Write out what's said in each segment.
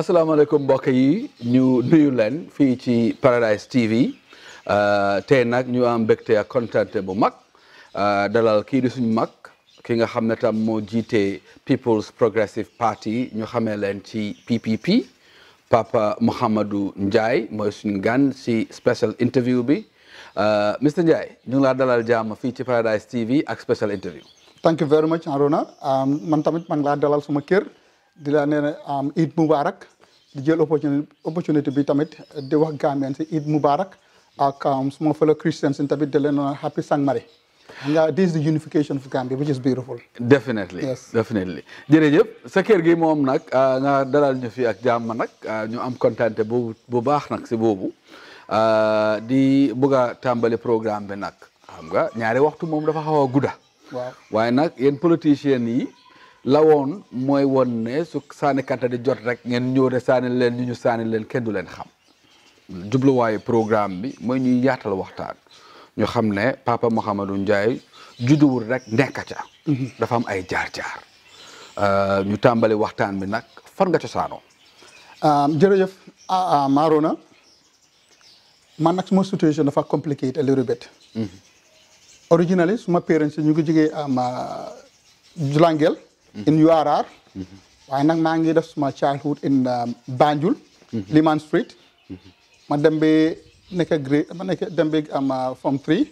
asalaamaaleykum mbokk yi ñu nuyu leen fii ci Paradise TV euh, tey nag ñu am mbégte ak kontante bu mag euh, dalal kii di suñu mag ki nga xam ne tam moo jiite People's Progressive Party ñu xamee leen ci PPP Papa Mouhamadou njaay mooy suñu gan ci special interview bi Euh, Mr Ndiaye ñu ngi laa dalal jàmm fii ci Paradise TV ak special interview. thank you very much Arona um, man tamit man laa dalal suma kër di la nee am um, Eid Mubarak di jël opportunité opportunité bi tamit di wax Gambien si Eid Mubarak ak um, suma fellow Christians si tamit de leen happy Saint Mary. nga this is the unification of Gambia which is beautiful. definitely yes definitely jërëjëf sa kër gi moom nag uh, nga dalal ñu fi ak jàmm nag uh, ñu am kontaan bu bu baax nag si boobu. Euh, di bëgg tàmbali programme bi nag xam nga ñaari waxtu moom dafa xaw a gudda waaw waaye nag yéen politiciens yi lawoon mooy woon ne su saani kanta di jot rek ngeen ñëw de leen ñu ñu leen kenn du leen xam jubluwaayu programme bi mooy ñuy yaatal waxtaan ñu xam ne papa Mouhamadou Ndiaye judduwul rek nekk ca mhm. dafa am ay jaar-jaar euh, ñu tàmbali waxtaan bi nag fan nga cosaanoo ah, jërëjëf ah, ah, Marona man nag suma situation dafa complicated a little bit. originally suma parents ñu ngi jógee am um, uh, Julangel. Mm-hmm. in URR. Mm-hmm. waaye nag maa ngi def suma childhood in um, Banjul. Mm-hmm. Liman Street. ma dem ba nekk grade ma nekk dem um, uh, form three.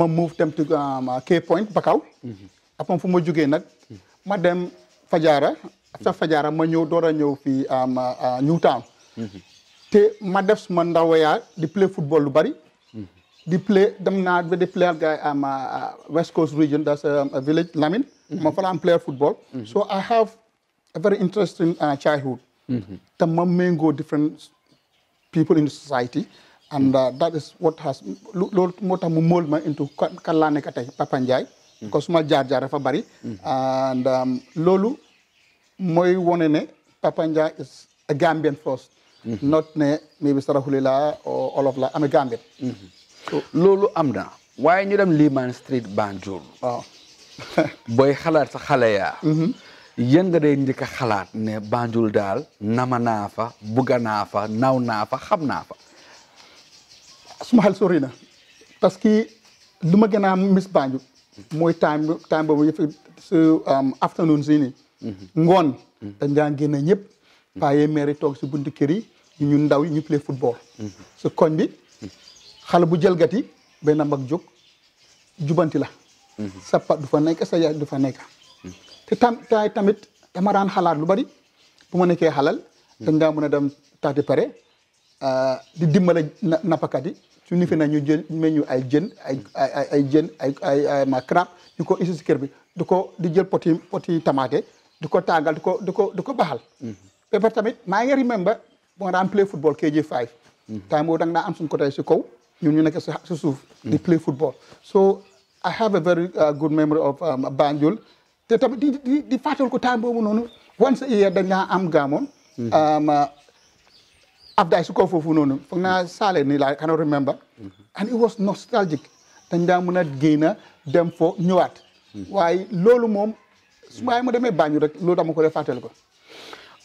ma move dem to uh, Cape Point Bakaw. ak moom fu ma jógee nag. ma dem Fajara. after Fajara ma ñëw door a ñëw fii Newtown. te ma def suma ndawoyaa di play football lu bari di play dem naa di player guy am uh, uh, West Coast region that's um, a village Lamine mm-hmm. ma fa and am player football mm-hmm. so I have a very interesting uh, childhood mm-hmm. te ma different people in the society and that is what has moulded me mu mold ma into kan laa nekk Papa Ndiaye because suma jaar-jaar dafa bari and um, loolu mooy wone ne Papa Ndiaye is a Gambian first Mhm. not ne mi bi sarahuli la olof la ame gambit mhm. loolu am na waaye ñu dem Liman Street Banjul booy xalaat sa xale yaa mhm. yéen nga day njëkk xalaat ne Banjul daal nama naa fa bugga naa fa naw naa fa xam naa fa suma xel sori na parce que du ma gën a miss Banjul mooy time time boobu yëpp su um, afternoon si ngoon dañ daan génn ñëpp paa yee toog si buntu kër yi ñun ndaw yi ñu play football. Mm-hmm. su koñ bi xale bu gati ben mbag jóg jubanti la. Mm-hmm. sa pat du fa nek sa ya du fa nek mm-hmm. te tam tay tamit dama halal xalaat lu bari bu ma nekkee xalal. pare euh, di dimbalé napakati ci ni fi na ñu jël meñu ay jën ay ay ay ay ay ma crap ñu ko isu ci kër bi di ko di jël poti poti tamaté du ko tagal du ko du ko du ko baxal. ba tamit ma nga remember boo daan play football KJ5 mhm. time boobu da nga daan am suñu si kaw ñun ñu nekk si suuf di mhm. play football so I have a very uh, good memory of um, te tamit di di di fàttal ko time boobu noonu once a year dañ naa am gaamoon mhm. um, uh, Abdaay su ko foofu noonu foog naa saale nii laa cannot remember and it was nostalgic dañ daa mën a génn dem fo ñëwaat waaye loolu moom su ma demee Banjul rek loolu dama ko def fàttal ko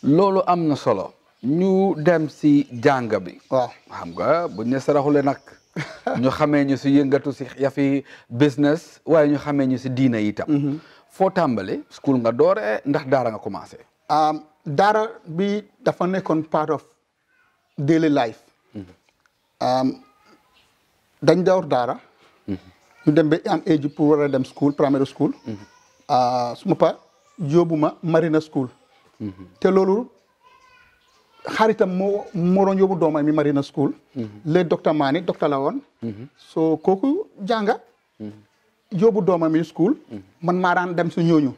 loolu am na solo ñu dem ci jang bi. wa xam nga buñ ne saraxule nak ñu xamé ñu ci yëngatu si yafi business way ñu xamé ñu ci diina itam. Mhm. fo tambalé school nga doré ndax dara nga commencé. dara bi dafa nekkon part of daily life. Mhm. dañ dawr dara, mhm. ñu dem ba am age pour wara dem school primary school. ah suma pa jobuma ma marina school. te loolu. xaritam moo moo doon yóbbu doomam mi Marina School. Mhm. le docteur Mani docteur la woon. Mhm. soo kooku jànga. Mhm. yóbbu doomam mi school. man maa daan dem su ñooñu.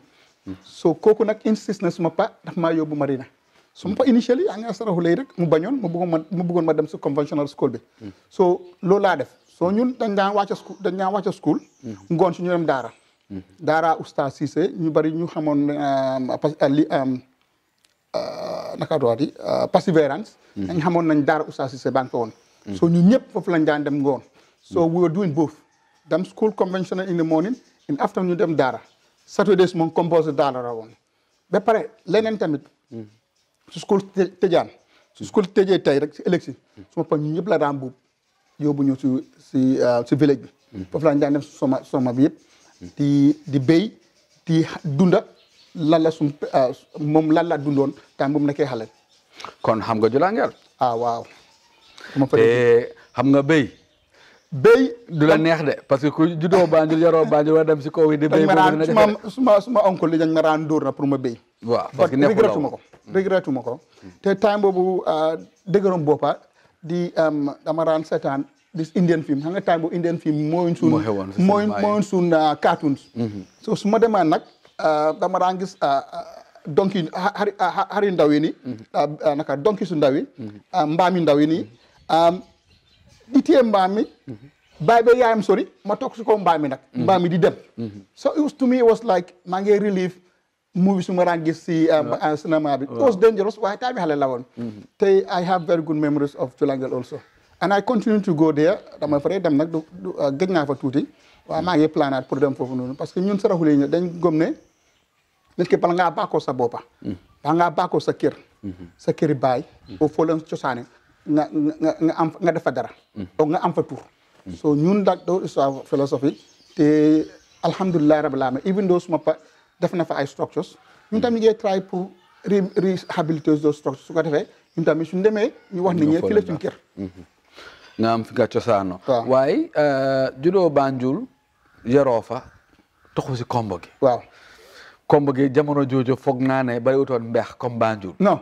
soo kooku nag insist na suma pa daf maa yóbbu Marina. su ma fa initially yaa ngi asaraxu lay rek mu bañoon mu bëggoon ma mu bëggoon ma dem si conventional school bi. soo loolu laa def soo ñun dañ daan wàcc school dañ daan wàcc ngoon su ñu dem Daara. Daara Oustaz ñu bari ñu xamoon um, uh, li. Um, Euh, naka doot yi euh, perseverance hmm. dañ xamoon nañ daara Oustaz Cissé baa ngi woon so ñu ñëpp foofu lañ daan dem ngoon so hmm. we were doing both dem school conventional in the morning in afternoon ñu dem daara saturdays moom composé daara la woon ba pare leneen tamit hmm. su school tëjaan su school tëjee tey rek si élection su ma ñu ñëpp la daan buub yóbbu ñu si si si village bi foofu lañ daan dem soma soma bi yëpp di di béy dunda lan la suñ eh, moom lan la dundoon temps bu kon xam nga julangal ah waaw. xam nga bey bey du la neex de parce que ku judo bandi yaroo bandi wa dem ci ko wi de bey mom suma suma oncle li ñang na ran dur na pour ma bey waaw parce que regrettu ma ko regrettu ko te time bobu ah, degeerum bopa di dama ran setan dis Indian film xam nga time Indian film moy sun moy mooy ah, cartoons mhm. so suma demane nak Ah, dama daan gis ah, ah, donki xari ndaw yi nii. Mm-hmm. naka donki su ndaw yi. Mm-hmm. mbaam yi ndaw yi nii. Mm-hmm. di téye mbaam mi. bàyyi ba yaayam sori ma toog si kaw mbaam mi nag. mbaam mi di dem. so it was to me was like maa ngi relief movie su ma si. cinéma bi it was dangerous waaye time xale la woon. tey I have very good memories of Tulangal also. and I continue to go there dama fare dem nag gëj naa fa tuuti. waaw maa ngi planaat pour dem foofu noonu parce que ñun saraxule yi dañ gëm ne nit ki bala ngaa baakoo sa boppa mm. bala ngaa baakoo sa kër mm-hmm. sa kër baay foofu mm. foo leen cosaane nga nga nga defa dara mm. donc nga am fa tur so ñun daal te alhamdulilah rabbil alamin even though suma pa def na fa ay structures ñun tam ñu ngi try pour réhabiliter those structures su ko defee ñun tamit suñu demee ñu wax nit ñi fii kër mm-hmm. nga am fi cosaano waaye euh, judoo Banjul yoroo fa toxu si kombo gi. waaw kombo gi jamono jooju foog naa ne bari mbeex comme Banjul. non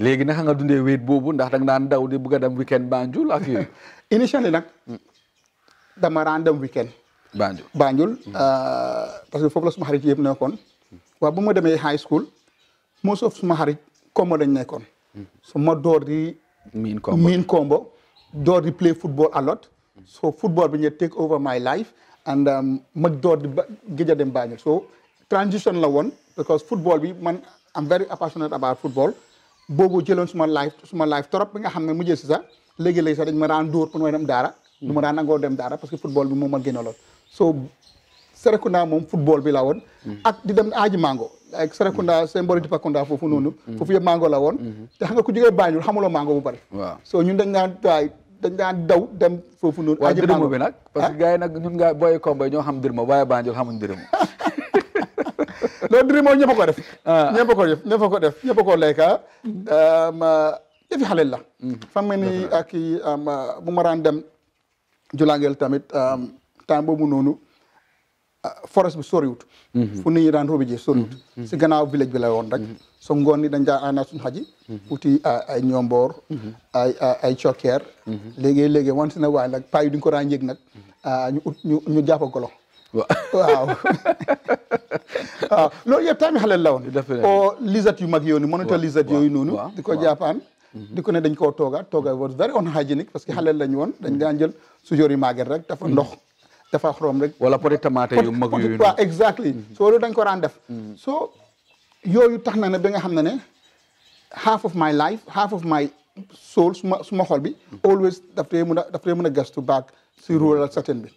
léegi naka nga dundee wéet boobu ndax da nga daan daw di bëgg a dem weekend Banjul ak yooyu. initially nag dama daan dem weekend. Banjul Banjul hmm. euh, parce que foofu la suma xarit yëpp nekkoon. Hmm. waaw bu ma demee high school moo suma xarit kombo lañ nekkoon. Hmm. su ma door di. miin kombo miin kombo door di play football a so football bi ñu take over my life. and um, mag door di ba géj a dem Banjul so transition la woon because football bi man am very passionate about football boobu jëloon suma life trop bi nga xam ne mujjee si sax léegi-léegi sax dañ ma daan dóor pour may dem daara du ma daan nangoo dem daara parce que football bi moom ma gënaloon so Serekunda moom football bi la woon ak di dem aaji mango ak Serekunda seen mbori Dipakunda foofu noonu mm-hmm. foofu yëpp mango la woon mm-hmm. te xam nga ku jógee Banjul xamuloo mango bu bari so dañ daan daw dem foofu noonu. waaw dërëmu bi nag parce que ah? gars yi nag ñun nga booy ñoo xam dërëmu waaye Banjul xamuñ dërëmu. loolu dërëmoo ñëpp a ah. def. ñëpp a ko def ñëpp def ñëpp a ko lekka. Ah. Um, uh, yëfi xale la. Mm-hmm. fan nga ni ak um, uh, bu ma daan dem. Julangeel tamit um, temps boobu noonu. forest bi soriwut mhm. fu nit ñi daan robi ji soriwut mhm. Mhm. si gannaaw village bi la woon rek so ngoon ni dañ daan ànd suñu xaji uti a ñomboor ay ay cokkeer léegi léegi wan si na waay nag paa yi duñ ko daan yëg nag ñu ut ñu ñu jàpp golo waaw waaw loolu yëpp tamit xale la woon o lizat yu mag yooyu monitor lizat yooyu noonu di ko jàppaan di ko ne dañ koo tooga tooga was very unhygienic parce que xale lañ woon dañ daan jël sujóor yi màgget rek dafa ndox dafa xorom rek. wala poti tomate yu mag yu waaw exactly mm-hmm. so loolu dañ ko daan def. Mm-hmm. so yooyu tax na ne ba nga xam ne ne half of my life half of my soul suma suma xol bi. Mm-hmm. always daf dee mën a daf dee mën a gëstu baag si rural certain bi.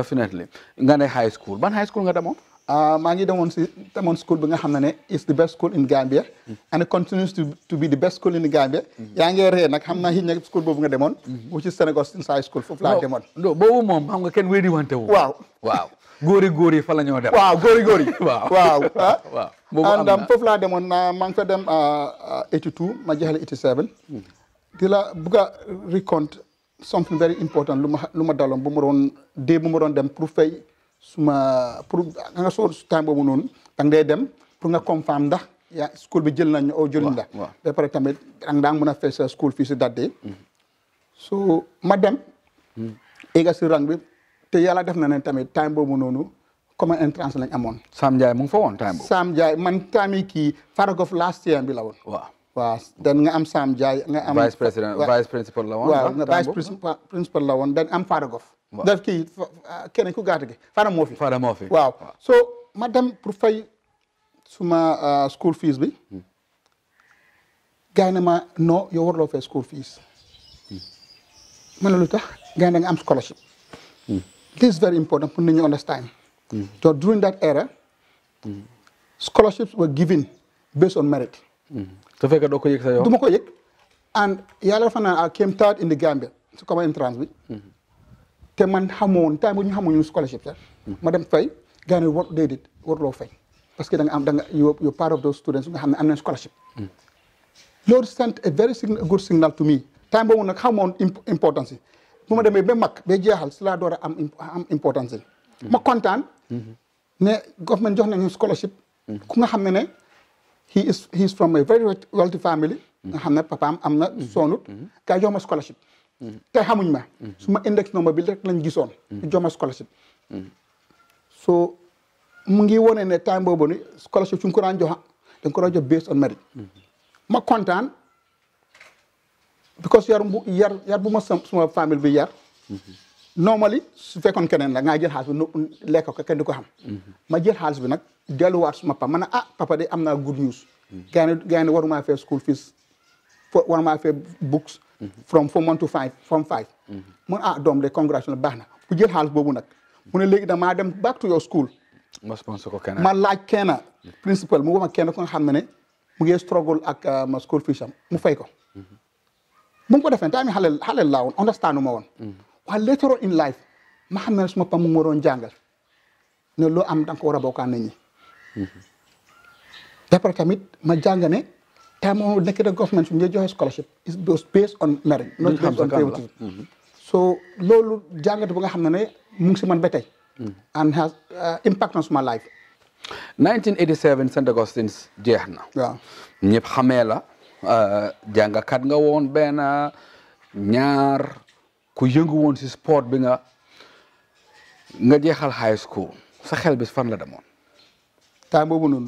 definitely nga ne high school ban high school nga demoon. Euh, maa ngi demoon si demoon school bi nga xam ne ne is the best school in Gambia mm-hmm. and continues to to be the best school in Gambia mm-hmm. yaa ngi ree nag xam naa xëy na school boobu nga demoon mm-hmm. which is Senegal High School foofu laa demoon non boobu moom xam nga kenn wéy di wante wu waaw waaw góori góori fa la ñoo dem waaw góori góori waaw waaw waaw boobu am um, na foofu laa demoon na maa ngi fa dem 82 uh, uh, ma jeexale 87 di la bugg a raconte something very important lu ma lu ma daloon bu ma doon dee bu ma doon dem pour fay suma pour nga soo temps boobu noonu da ngay dem pour nga confirme ndax yaa school bi jël nañu oo jëluñ la oh, ba pare tamit da nga mën a fay sa school fii si daddee mm-hmm. so ma dem éga mm-hmm. si rang bi te yàlla def na ne tamit temps boobu noonu comme entrance lañ amoon Sam Ndiaye mu ngi fa woon time boobu Sam Ndiaye man time yi kii Faragof last year bi la woon waaw waaw dan nga am Sam Jaay am vice président vice principal la la woon dan am Fada Gof daf kii keneen ku gàtt fi Fada moo fi waaw so ma dem pour fay suma euh, school fees bi hmm. gaay ma non yow warloo fay school fees ma ne lu tax gaay na nga am scholarship hmm. this is very important pour nit ñi understand hmm. so during that era scholarships were given based on merit su fekkee doo ko yëg sa yoon du ma ko yëg and yàlla dafa naan I came third in the Gambia su ko ma entrance bi te man xamoon time bu ñu xamuñu scholarship sax ma dem fay Gambia war déedéet waruloo fay parce que da nga am da nga you part of those students nga xam ne am nañ scholarship loolu sent a very good signal to me time boobu nag xamoon importance yi bu ma demee ba mag ba jeexal si laa door am am importance yi ma kontaan mm-hmm. ne government jox na nañu scholarship mm-hmm. ku nga xam ne ne he is he is from a very wealthy family. nga mm-hmm. xam ne papaam am na mm-hmm. soonut. Mm-hmm. kay jox ma scholarship. te xamuñ ma. su ma index number bi rek lañ gisoon. jox ma scholarship. so mu ngi wone ne time boobu ni scholarship su ñu ko daan jox dañ ko daan jox based on merit. ma kontaan because yar bu yar yar bu ma sama famille bi yar. normally su fekkoon keneen la ngaa jël xaalis bi lekk ko kenn ko xam. ma jël xaalis bi nag delluwaat suma papa ma ne ah papa de am na good news. gaynde gaynde waruma fee school fees fo waruma fee books. from four months to five from five. mun ah doom de congratulation baax na ku jël xaalis boobu nag. mu ne léegi damaa dem back to your school. ma ko keneen ma laaj kenn principal mu wax ma kenn ko xam ne ne mu ngi struggle ak uh, ma school fees am mu fay ko. bu ko defee tamit xale xale laa woon. wa later on in life ma xamna suma pam mo doon ne lo am dang ko wara bokka bokkaan nit ñi. tamit ma jangane tamo nek de government ñu joxe scholarship is based on merit not based on favoritism kan mhm. so lolu jangatu bu nga xamne ne mu ngi man betay mhm. and has uh, impact on my life 1987 St Augustine's jehna na waaw ñëpp xamee la uh, jàngakat nga won ben ñaar ku yëngu won ci sport bi nga nga jéxal high school sa xel bi fan la demoon. temps boobu non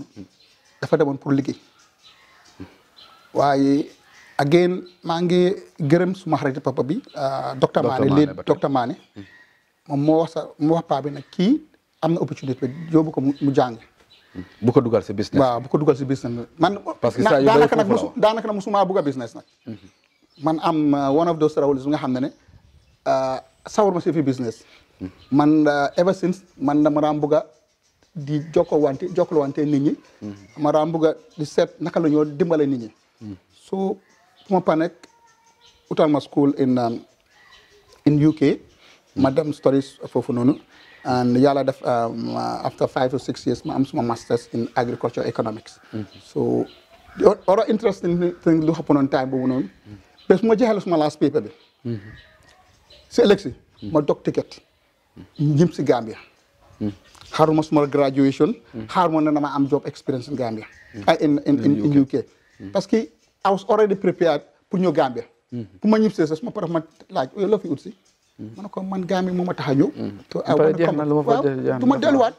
dafa demone pour liggéey waye again ma ngi gërëm suma xarit papa bi. Ah, docteur Mané léegi docteur Mané mom mo wax sa mo wax pa bi nak ki amna opportunité jobu ko mu jang bu ko duggal si business. waaw bu ko duggal si business man. parce que ça yu da naka nak musuma nag business nak man am ah, one of those rawlis nga xamné ne. Eh, sawr ma ci fi business man eh, ever since man dama rambuga di Joko wante joklo wante nit ñi ma rambuga di set naka la ñoo dimbale nit ñi so puma panek ma school in um, in uk madam stories fofu nonu and yalla def um, uh, after five or six years ma am suma masters in agriculture economics so the other interesting thing lu xapon on time bu non bes ma jexal suma last paper bi seleksi ma dog ticket ñim si gambia haruma suma graduation haruma na ma am job experience in gambia ah, in, in, in, uk parce que i was already prepared pour ñu gambia pour ma ñim ci sax suma ma laaj yo la fi ut si ko man gambia mo ma tax to i want to come waaw ma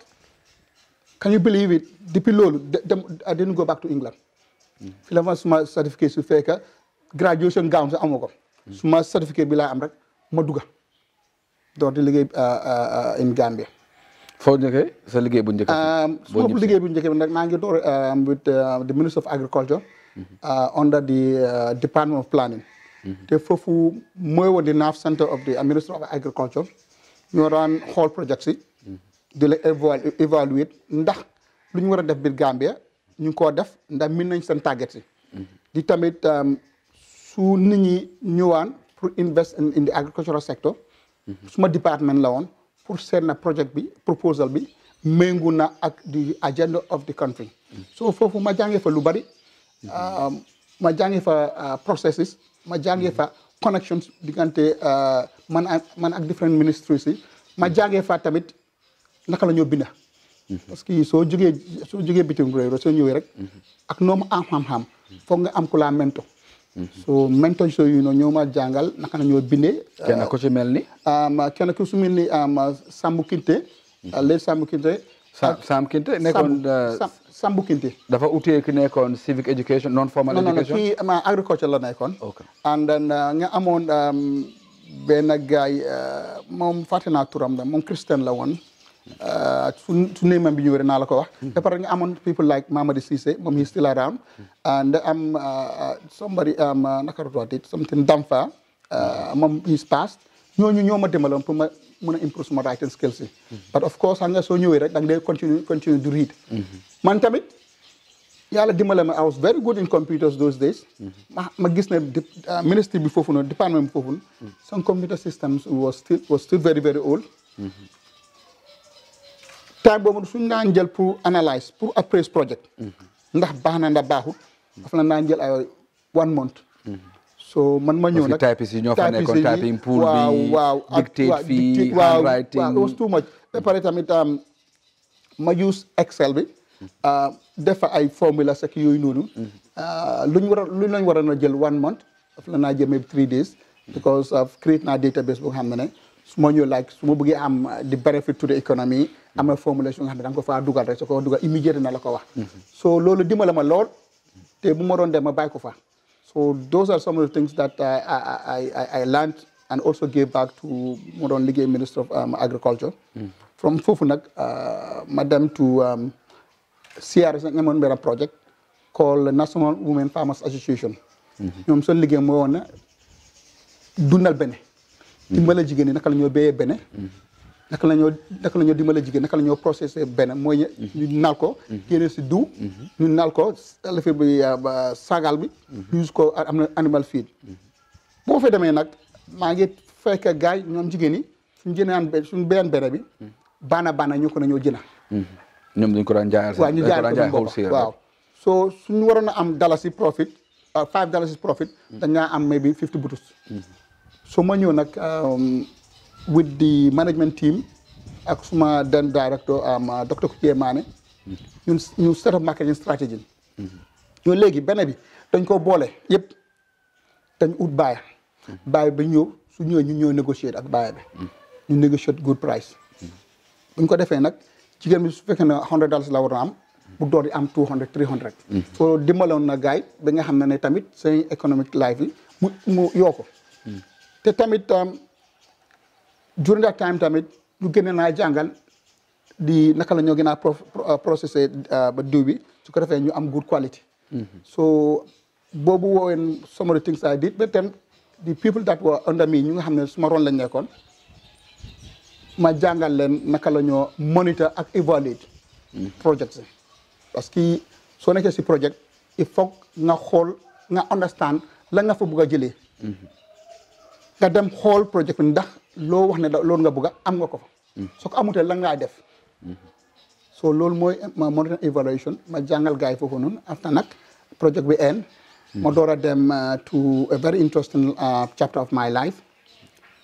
can you believe it depuis lolu dem i didn't go back to england fi la ma suma certificat su fekk graduation gown amoko suma certificate bi la am rek ma dugga door liggéey euh, euh, in Gambia. foo njëkkee sa liggéey bu njëkk. Euh, boo liggéey bu njëkk bi nag maa ngi door with the Minister of Agriculture. Mm-hmm. under the Department of Planning. Mm-hmm. te foofu mooy woon di NAF Center of the uh, Minister of Agriculture ñoo daan xool projets yi. Mm-hmm. di la évaluer ndax lu ñu war a def biir Gambia ñu ngi koo def ndax mi nañ seen tàggat yi. di tamit su nit ñi ñëwaan pour invest in, in the agricultural sector suma department la woon pour seet na project bi proposal bi méngu na ak the agenda of the country so foofu ma jàngee fa lu bari um, ma jàngee fa uh, processes ma jàngee fa connections diggante uh, man ak man ak different ministries yi ma jàngee fa tamit naka la ñoo binda parce que soo jógee soo jógee bitim réew soo ñëwee rek ak noo mu am xam-xam foog nga am ku laa mento Mhm. so mentorship you know ñoo ma jàngal naka la ñoo bindee. kenn euh, mel ni. kenn ku ci mel ni Sambu Kinte. Mhm. léegi Sambu Kinte. Sam Sam Kinte nekkoon. Euh, dafa utee ki nekkoon civic education non formal education. non agriculture la nekkoon. ok and then euh, nga amoon benn gaay moom fàtte naa turam da moom Christian la woon. Uh, to name am bi ñëwee naa la ko wax. people like Mama Cissé moom he's still around. and i am uh, uh, somebody am um, naka la doon it something Damfa moom he's passed ñooñu new, ma dimbaloon pour ma mën a improve my writing skills but of course xam nga new. Right, rek da nga day continue continue to read. man tamit yàlla dimbale ma I was very good in computers those days. ma ma gis ministry before, foofu noonu département some computer systems was still was still very very old. time boobu suñ naan jël pour analyse pour appraise project mhm. ndax baax na ndax baaxut dafa la naa jël ay one month mhm. so man ma ñëw nag types yi ñoo fa nekkoon typing pool bi waaw dictate fii waaw was too much ba tamit um, ma use excel bi mhm. uh, defa ay formula sek yooyu noonu uh, luñ war a luñ lañ war jël one month daf la naa jël maybe three days because of create naa database boo xam ne ne su ma ñëw like su ma bëggee am di uh, benefit to the economy am na formulation nga xam ne da nga ko fa dugal rek su na la ko so loolu dimbala ma lool te bu ma doon dem ma bàyyi fa so those are some of the things that I, I, and also gave back to ma doon liggéey ministre of um, agriculture from foofu nag uh, ma dem to um, CRS nag amoon benn project called National Women Farmers Association ñoom seen liggéey moo woon na dundal bene dimbala jigéen ñi naka la ñoo béyee bene naka la ñoo naka la ñoo dimbale jigéen naka la processé benn mooy ñu nal ko si diw ñu nal ko mhm. mhm. lafir bi euh, sagal bi mhm. use ko am animal feed bu ma fa demee nag maa ngi fekk gaay ñoom jigéen yi suñu jënaan be suñu benn bere bi bana baana ñoo nyom na ñoo jëna ñoom dañ ko daan jaayal waaw ñu jaayal ko bopp waaw so suñu waroon am dalasi profit euh, five dalasi profit dañ am maybe fifty butus so ma ñëw nak um, with the management team ak suma then director um, uh, Dr. Kuchie Mane ñun ñu set up marketing strategy hmm. ñoo léegi benn bi dañ ko boole yëpp dañ ut baaya hmm. baaya ba ñëw su ñëwee ñu ñëw négocier ak baaya bi hmm. ñu négocier good price buñ ko defee nag jigéen bi su fekkee ne hundred dollars la war a am bu door di am two hundred three hundred soo dimbaloon na gaay ba nga xam ne ne tamit seen economic life yi mu mu yokku te tamit um, during that time tamit ñu gëna na jangal di naka la ñoo gëna a uh, processé ba uh, diw bi su ko defee ñu am good quality mm-hmm. so bobu woowen some of the things I did but then the people that were under me ñu nga xam suma ron lañ nekkon ma jangal leen naka la ñoo monitor ak evaluate mm-hmm. project parce que so nekk ci project il faut nga xol nga understand la nga fa bëgg jëlé jëlee mm-hmm. nga dem xol project ndax loo wax ne da loolu nga bëgg am nga ko fa. Mm. soo ko amutee lan ngaa def. Mm-hmm. so loolu mooy ma monitoring evaluation ma jàngal gaay yi nun noonu after nag project bi end. Mm-hmm. ma door a dem uh, to a very interesting uh, chapter of my life.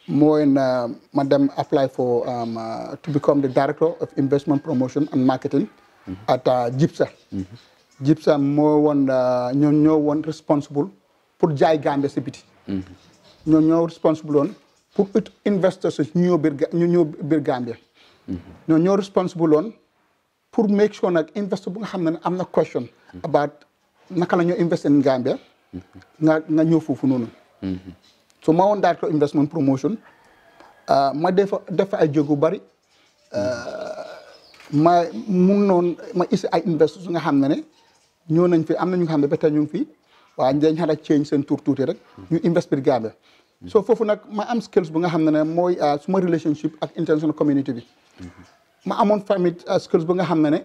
mooy na ma dem apply for um, uh, to become the director of investment promotion and marketing. Mm-hmm. at GIPSA. GIPSA moo won ñoo ñoo woon responsible pour jaay Gambia si biti. ñoo ñoo responsible woon. pour ut investors ñu ñëw biir ñu ñëw biir Gambia ñoo ñoo responsible woon pour make sure nag investor bu nga xam ne am na question about naka la ñoo invest in Gambia nga foofu noonu so ma woon director investment promotion ah, ma def def ay jóg yu bari ah, ma mun noon ma isi ay investors nga xam ne ne ñoo nañ fi am na ñu nga xam ne ba tey ñu ngi fi waaye dañ xanaa change seen tur tuuti rek ñu invest biir Gambia so for nag ma am skills bu nga xam ne ah, suma relationship ak international community bi ma amoon famit ah, skills bu nga xam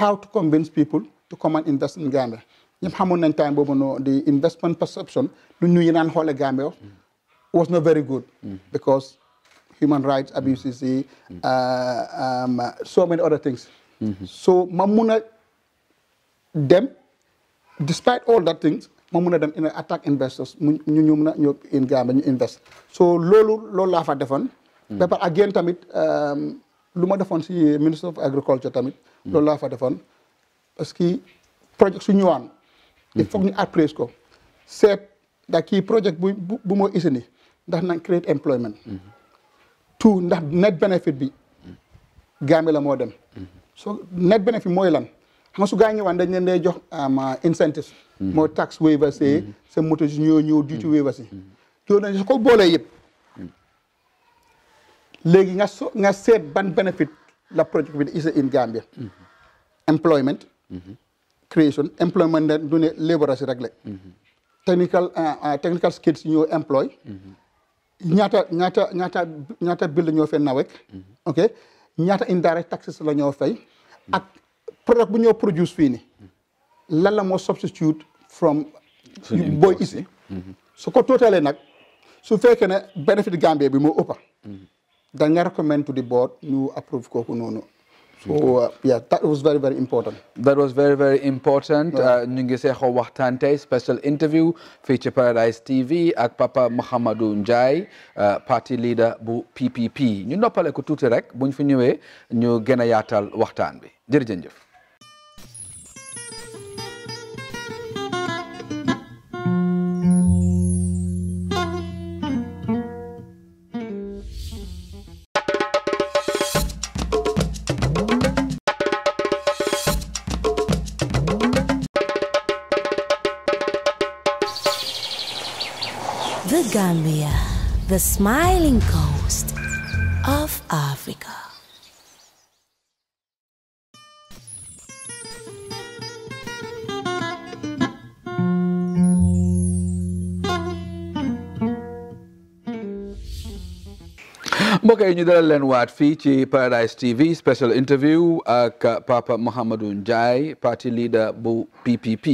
how to convince people to come and invest in Gambia ñëpp xamoon nañ time no the investment perception lu ñu yi naan Gambia was not very good because human rights abuses ah, um, so many other things so ma mun dem despite all that things ma mun a dem attaque investors mu ñu ñu mun a ñu in Gambia ñu invest so loolu loolu laa fa defoon. Hmm. ba ak yéen tamit euh, lu ma defoon si euh, ministre of agriculture tamit. Hmm. loolu laa fa defoon parce que projet su ñëwaan. il faut hmm. ñu appraise ko seet ndax kii projet bu bu moo isini ndax nañ create employment. tout ndax net benefit bi Gambia la moo dem. so net benefit mooy lan. xam nga su gaa ñëwaan dañ leen jox am ah, incentives mm-hmm. moo tax waiver yi mm-hmm. seen moto yi ñoo ñëw duty mm-hmm. waiver yi yooyu nañ su ko boolee yëpp léegi nga so nga seet ban benefit la project bi di in Gambia employment creation employment ne du ne labour si rek la technical ah, ah, technical skills ñoo employ ñaata ñaata ñaata ñaata bill la ñoo fay nawek ok ñaata indirect taxes la ñoo fay ak product bu ñoo produce fii ni lan la moo substitute from booy isi mhm. su ko totale nag su fekkee ne benefit Gambia bi moo ëppa mhm. da nga recommend to the board ñu approve kooku noonu So uh, yeah, that was very, very important. That was very, very important. Nyungiseho yeah. Wahtante, uh, special interview, Feature Paradise TV, ak Papa Mohamedou Njai, uh, party leader bu PPP. Nyun dapale ko tuti rek, buñ fi ñëwé ñu gëna yaatal waxtaan bi. Jërëjëf. the smiling coast of Africa. mbokk yi ñu dalal leen waat fii ci Paradise TV special interview ak Papa Mohamadou Njie party leader bu PPP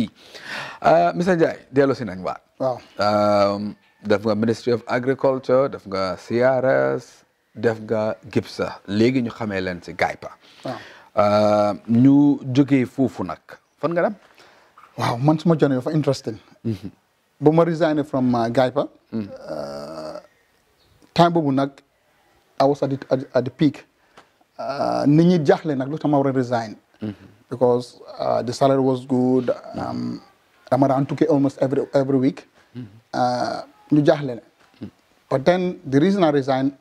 euh, Mr Njie dellu si nañ waat waaw euh, def ministry of agriculture def nga CRS def GIPSA Legi ñu xamee leen ci GAIPA euh, ñu jógee foofu nag fan nga dem waaw man suma journée dafa interesting mhm. ba ma resigné from uh, GAIPA mhm. euh, time boobu nag I was at the, at the peak euh, Nini ñi jaaxle nag lu tax mhm. because the salary was good dama um, daan tukkee almost every every week ñu but then the reason I resigned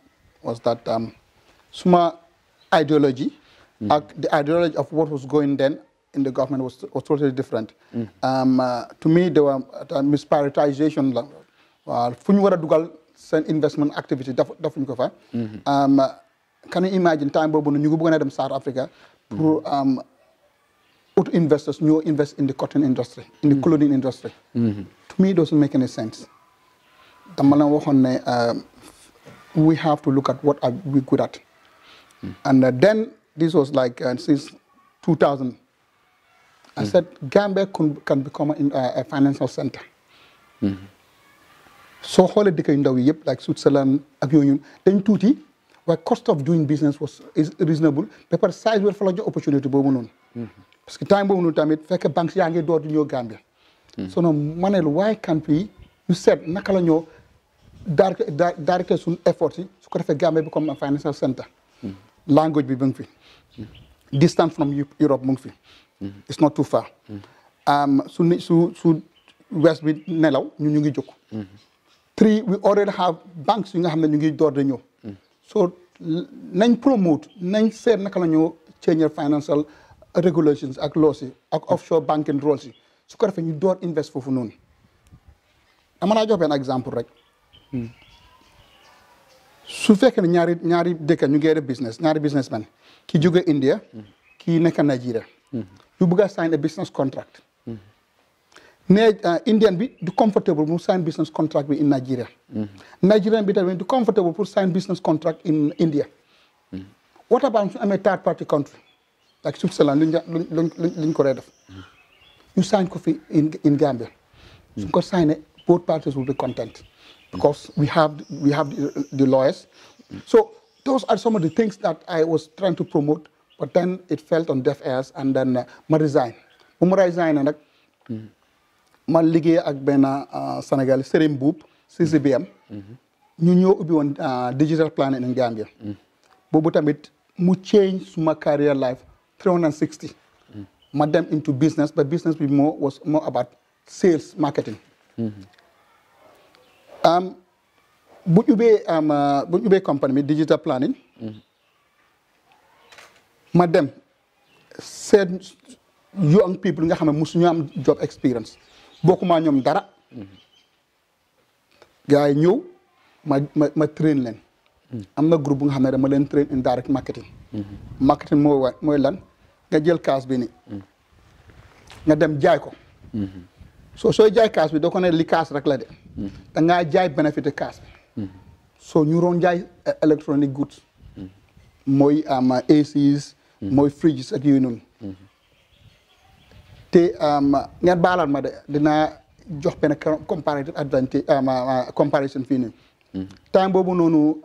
was that um, suma ideology the ideology of what was going then in the government was, was totally different. Mm. Um, uh, to me, there were uh, misprioritization. fu dugal investment activity def defuñ um, uh, can you imagine time when you go to South Africa. pour auto um, investors new invest in the cotton industry. in the clothing industry. Mm-hmm. to me it doesn't make any sense. Uh, we have to look at what are we good at. Mm. And uh, then this was like uh, since 2000. I mm. said Gambia can, can become a, uh, a financial center. Mm -hmm. soo xoolee dëkk like Switzerland ak yooyu dañ cost of doing business was is reasonable People say size weer fa la jox opportunité boobu noonu. Hmm. parce que time boobu noonu tamit fekk going to ngi door Gambia. Hmm. so no ma why can't we ñu seet naka la ñoo daar daar daarikee suñu effort yi su ko defee Gambie bi comme financial center language bi mu ngi fi distance from Europe mu ngi fi it's not too far um, su ni su su west bi nelaw ñu ñu ngi jóg three we already have banks yi nga xam ne ñu ngi door de ñëw so nañ promote nañ seet naka la ñoo change financial regulations ak laws yi ak offshore banking rules si su ko defee ñu door invest foofu noonu dama ah, laa jox benn exemple rek hmm. su fekkee ne ñaari ñaari dëkk ñu ngi def business ñaari businessman ki jóge India kii nekk Nigeria yu hmm. bëgg a sign a business contract hmm. ne ah, Indian bi du comfortable pour sign business contract bi in Nigeria. Nigerian bi di du comfortable pour sign business contract in India. what about su amee third party country like Switzerland luñ luñ luñ ko def. ñu sign ko fi in in su ko signé both parties will be content because we have we have the, the lawyers. So those are some of the things that I was trying to promote, but then it fell on deaf ears, and then my uh, ma resign. bu ma resign nag ma liggéey ak benn uh, Sénégal Serigne CCBM. new ñoo uh, digital plan in Gambia. boobu made, mu change my career life 360. made them into business but business was more about sales marketing. Mm-hmm. Um, bu ñu ubbee um, uh, bu ñu ubbee compagnie bi digital planning. Mm-hmm. ma dem seet young people nga xam ne mosu ñu am job experience bokkuma ñoom dara. Mm-hmm. gars yi ñëw ma ma ma train leen. am na groupe bu nga xam ne dama leen train in direct marketing. marketing mooy mooy lan nga jël kaas bi nga dem jaay ko. soo sooy jaay kaas bi doo ko li kaas rek la de da jaay bénéfice kaas bi soo ñu doon jaay e, electronic goods mooy am ACs mooy fridges ak yooyu noonu te ngeen baalal ma de dinaa jox benn comparative advantage comparison fii nii boobu noonu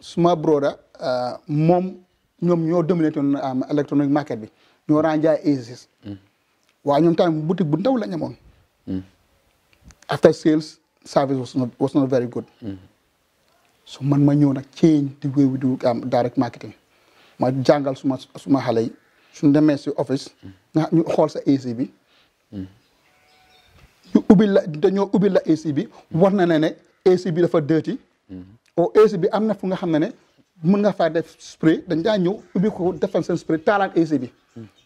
suma broda e, moom ñoom ñoo dominé woon electronic market bi ñoo daan jaay ACs waaye ñoom tamit boutique bu ndaw la ñamoon after sales service was not was very good. Mm. so man ma ñëw nag change the way we do am um, direct marketing ma jàngal suma suma xale yi suñu demee si office. Mm. nga ñu xool sa AC bi. Mm. ubbi la da ñëw ubbi la AC bi war na ne ne AC bi dafa dëti. o oh, AC bi am na fu nga xam ne ne mën nga faa def spray dañ daa ñëw ubbi ko defal seen spray taalaan AC bi.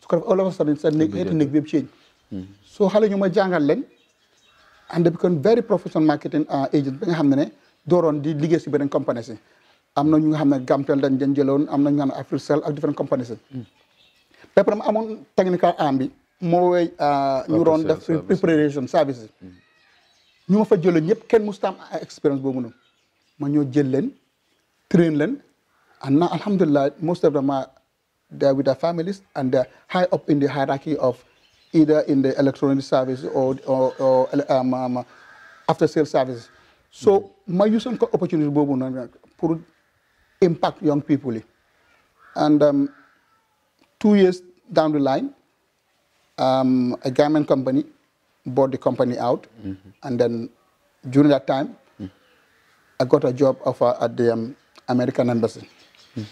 su ko defee a sudden sa néeg bi yëpp change. so xale ñu ma jàngal leen and become very professional marketing uh, agent bi nga xam ne ne dooroon di liggéey si beneen compagnie si am na ñu nga xam ne Gamtel dañ leen jëloon am na ñu nga xam ne Africell ak different compagnie si ba hmm. ma amoon technical am moo wooy uh, ñu doon def preparation service hmm. ñu ma fa jëloon ñëpp kenn mosut am expérience boobu noonu ma ñoo jël leen train leen and na alhamdulillah most of them are there with their families and they're high up in the hierarchy either in the electronic service or, or, or um, um, after sales service. So mm -hmm. my use and opportunity bobu impact young people. And um, two years down the line, um, a garment company bought the company out. Mm -hmm. And then during that time, mm -hmm. I got a job offer at the um, American Embassy. Mm-hmm.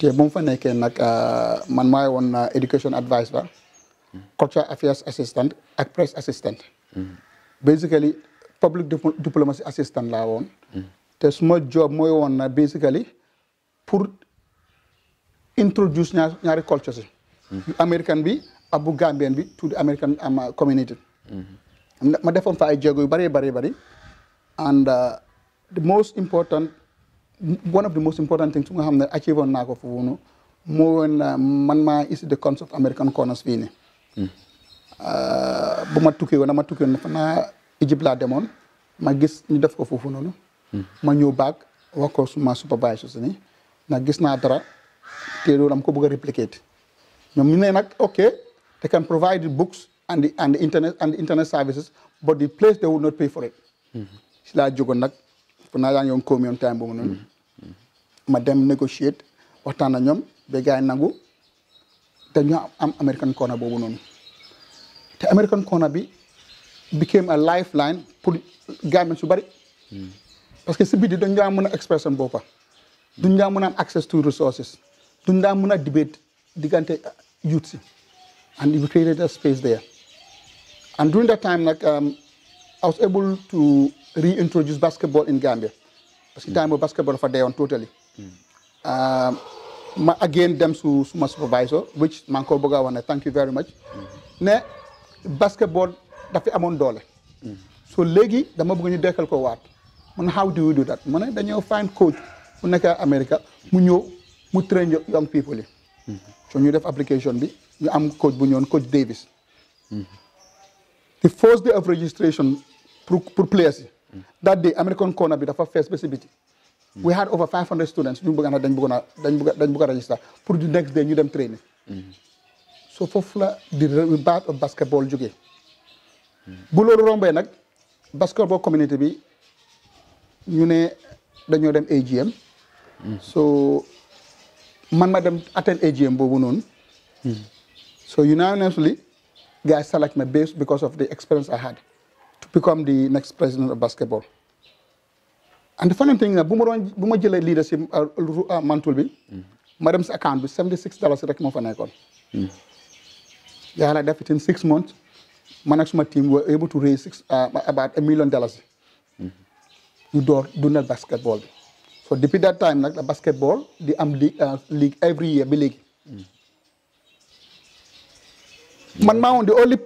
te bu mu fa nekkee nag uh, man uh, education culture affairs assistant ak press assistant basically public diplomacy assistant laa woon te suma job mooy woon na basically pour introduce ñaar ñaari culture bi abu bu bi to the american um, community ma defoon fa ay jéego yu bari bari bari and uh, the most important one of the most important things su nga xam ne achieve naa ko foofu uh, man maa is the concept American Corners fii bu ma tukki woon dama tukki woon dafa naa Égypte laa demoon ma gis ñu def ko foofu noonu. ma ñëw baag wax ko suma supervisor si ni nag gis naa dara te loolu am ko bëgg a replicate ñoom ñu ne nag ok they can provide the books and the and the internet and the internet services but the place they would not pay for it. si laa jógoon nag fu naa yaa ngi yoon communion time boobu noonu. Mm-hmm. ma dem négociate waxtaan na ñoom ba gars yi nangu. te ñu am American corner boobu noonu te American corner bi became a lifeline pour Gambian su bari hmm. parce que si biir dañ daa mën a expression boppa duñ daa mën a am access to resources duñ daa mën a debate diggante youth si and we a space there and during that time nag um, I was able to reintroduce basketball in Gambia parce que hmm. time boobu basketball dafa deewoon totally hmm. um, ma again dem su suma supervisor which maa ngi ko bëgg a wax ne thank you very much ne basketball dafa amoon doole so léegi dama bëgg ñu dekkal ko waat mun how do you do that mu ne dañoo find coach bu nekk America mu ñëw mu train young people yi so ñu def application bi ñu am coach bu ñoon coach Davis the first day of registration pour pour players yi that day American corner bi dafa fees ba Mm. we had over 500 students ñu bëgg na dañ bëggoon a dañ bëgg dañ bëgg register pour the next day ñu dem training. Mm. so foofu la di baat of basketball jógee. bu loolu rombee nag basketball community bi ñu ne dañoo dem AGM. Mm. so man ma dem attend AGM boobu noonu. so unanimously guys select me based because of the experience I had to become the next president of basketball. and the funny thing uh, bu ma doon bu ma jëlee leadership uh, uh, mantul bi hmm. ma dem si account bi seventy six dollars rek moo fa nekkoon hmm. yàlla def it in six months man ak suma team were able to raise six about a million dollars hmm. ñu door dundal basketball bi so depuis that time nag la basketball di am league every year bi léegi man maa woon di only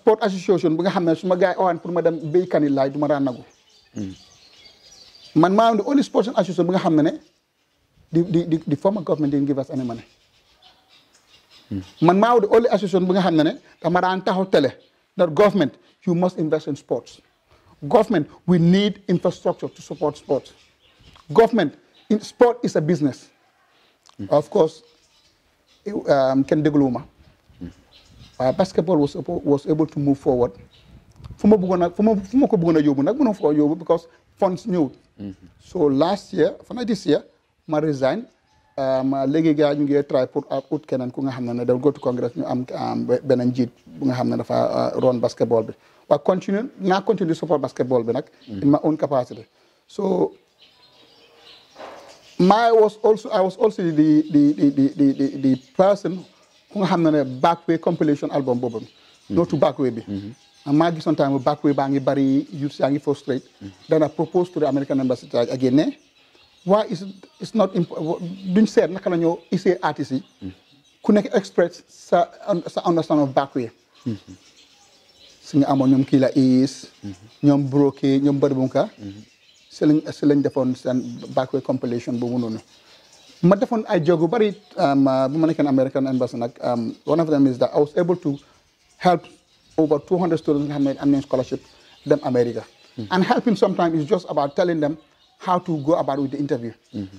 sport association bu nga xam ne su ma gars yi pour ma dem béykan yi laaj du ma daan nagu man maa the only sports association bi nga xam ne the the the former government didn't give us any money. Hmm. man maa the only association bi nga xam ne dama daan taxaw télé that government you must invest in sports. Government we need infrastructure to support sports. Government in sport is a business. Hmm. Of course, Ken um, Degluma. Ah. Hmm. Uh, basketball was was able to move forward. fu ma bëggoon a ko bëggoon a yóbbu nag mënoo fa because funds ñëwul so last year now this year I resigned. I ah, léegi gars ñu ngi try pour out keneen ku nga xam ne ne go to congress ñu am beneen njiit bu nga xam ne dafa ah, ron basketball bi waaye continue naa continue support basketball bi nag in my own capacity so my was also I was also the the the the the, the person who had a way compilation album Mm -hmm. Not to backway. Mm -hmm. maa gisoon tamit Bakuy baa ngi bari youths yaa ngi frustrate dana propose to the American embassy again ne eh? why is it's not duñ seet naka la ñoo isee ku nekk express sa sa understand of Bakuy si nga amoon ñoom Killa Is ñoom Broké ñoom Badabunka si lañ lañ defoon seen Bakuy compilation boobu noonu ma defoon ay jogu bari um, bu ma nekkee American embassy nag um, one of them is that I was able to help over 200 students have made Amnin scholarship them America. Mm -hmm. And helping sometimes is just about telling them how to go about with the interview. Mm -hmm.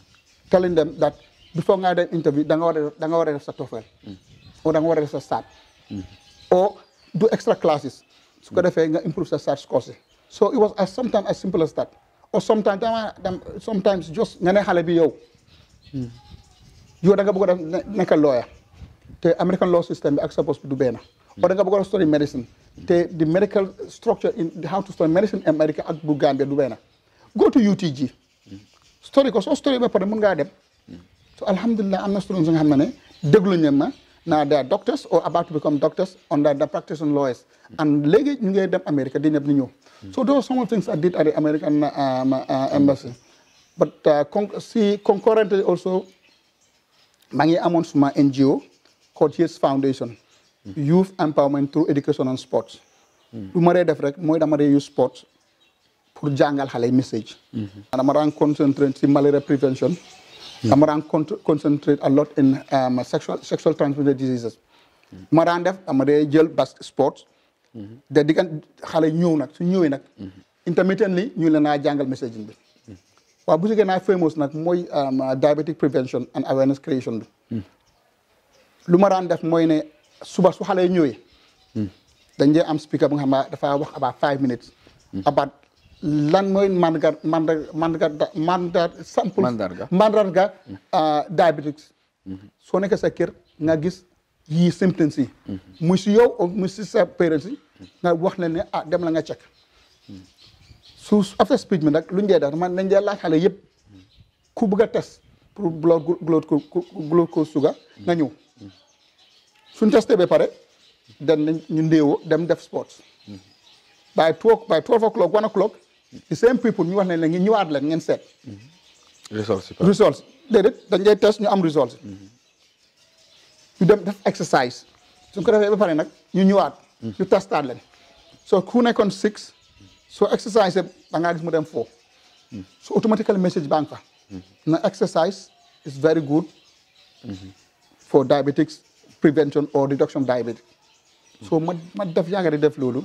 Telling them that before nga the interview da nga war da nga war def TOEFL. Hmm. Or da nga war def hmm. Or do extra classes so ko hmm. defee nga improve the SAT scores So it was as sometimes as simple as that. Or sometimes dama sometimes just nga ne xale You yow. yow da nga bëgg a lawyer The American law system bi ak sa bopp du o da nga bëggoon study medicine te the medical structure in how to study medicine in America ak bu Gambia du benn go to UTG story ko soo story ba pare mun ngaa dem so alhamdulilah am na students nga xam ne ne déglu ñen ma they are doctors or about to become doctors under the practicing lawyers and they ñu ngay dem America di ñëpp ni so those are some of things I did at the American uh, uh, embassy but uh, see, concurrently also many ngi amoon suma NGO called Yes Foundation youth empowerment through education and sports. Hmm. lu ma dee def rek use sports pour jàngal xale message. Hmm. Hmm. dama daan concentrate si malaria prevention. dama daan concentrate a lot in um, sexual sexual transmitted diseases. ma daan def dama dee jël sports. de diggan xale ñëw nak su ñëwee nag. intermittently ñu leen na jàngal message bi. waaw bu si famous nak moy um, diabetic prevention and awareness creation bi. lu def mooy ne. suba su xale ñëwee hmm. dañ dee am speaker bu nga xam dafa wax about five minutes hmm. about lan mandar mandar mandar mandar sample mandarga mandarga hmm. uh, diabetes so nek sa kër nga gis yi symptoms yi muy si yow muy si sa parents yi nga wax la ne ah dem la nga check su after speech bi nak luñ dé dar man nañ dee laaj xale yëpp ku bëgg test pour blood glucose sugar nga ñëw suñ testé ba pare then ñu ndéewoo dem def sports by twelve by twelve o'clock one o'clock the same people ñu wax ne leen ñu ñëwaat leen ngeen seet mm-hmm. results results déedéet dañ lay test ñu am results mm-hmm. ñu dem def exercise suñ ko defee ba pare nag ñu ñëwaat mm-hmm. ñu testaat leen so ku nekkoon six so exercise da ngaa gis mu dem four so automatically message baa nga fa na exercise is very good for diabetics prevention or reduction diabetes so ma ma def yàgg def loolu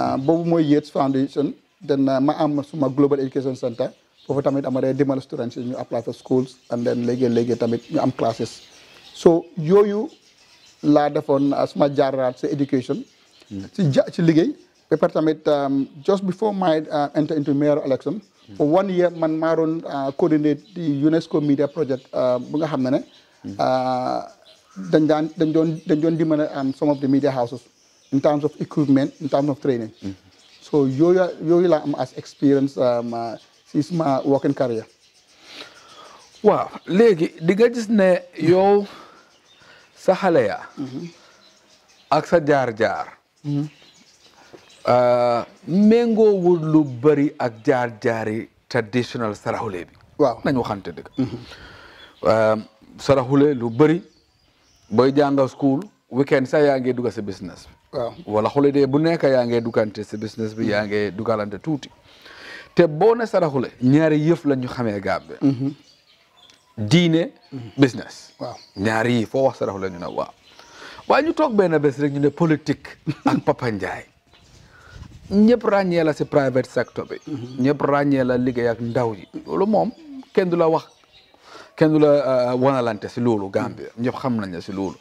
ah, boobu mooy Yates Foundation then ah, ma am suma global education center foofu tamit ama dee dimbali students yi ñu apply for schools and then léegi léegi tamit ñu am classes so yooyu laa defoon ah, suma jaaraat si education si ja si liggéey ba tamit um, just before my enter into mayor election for one year man maa doon coordinate the UNESCO media project bu nga xam ne ne dañ daan dañ doon dañ doon dimbali am um, some of the media houses in terms of equipment in terms of training. Mm-hmm. so yooyu yooyu laa am as experience ma um, uh, si suma working career. waaw léegi di nga gis ne yow sa xale ya mm-hmm. ak sa jaar-jaar. Mm-hmm. Uh, méngoo wul lu bëri ak jaar-jaari traditional saraxule bi. waaw nañu waxante dëgg. Uh, saraxule lu bëri. booy jàngal school weekend sax yaa ngi dugg si business bi. waaw wala holiday bu nekk yaa ngi duggante si business bi yaa ngi dugalante tuuti. te boo ne saraxule ñaar yëf la ñu xamee Gàmbi. Mhm. diine. Mhm. business. waaw ñaari yi foo wax saraxule ñu ne waaw. waaye ñu toog benn bés rek ñu ne politique. ak Papa Ndiaye. ñëpp ràññee la si private sector bi. Mhm. ñëpp ràññee la liggéey ak ndaw yi. loolu kenn du la wax. kenn du la euh, wanalante si loolu Gambia mm. ñëpp xam nañ si loolu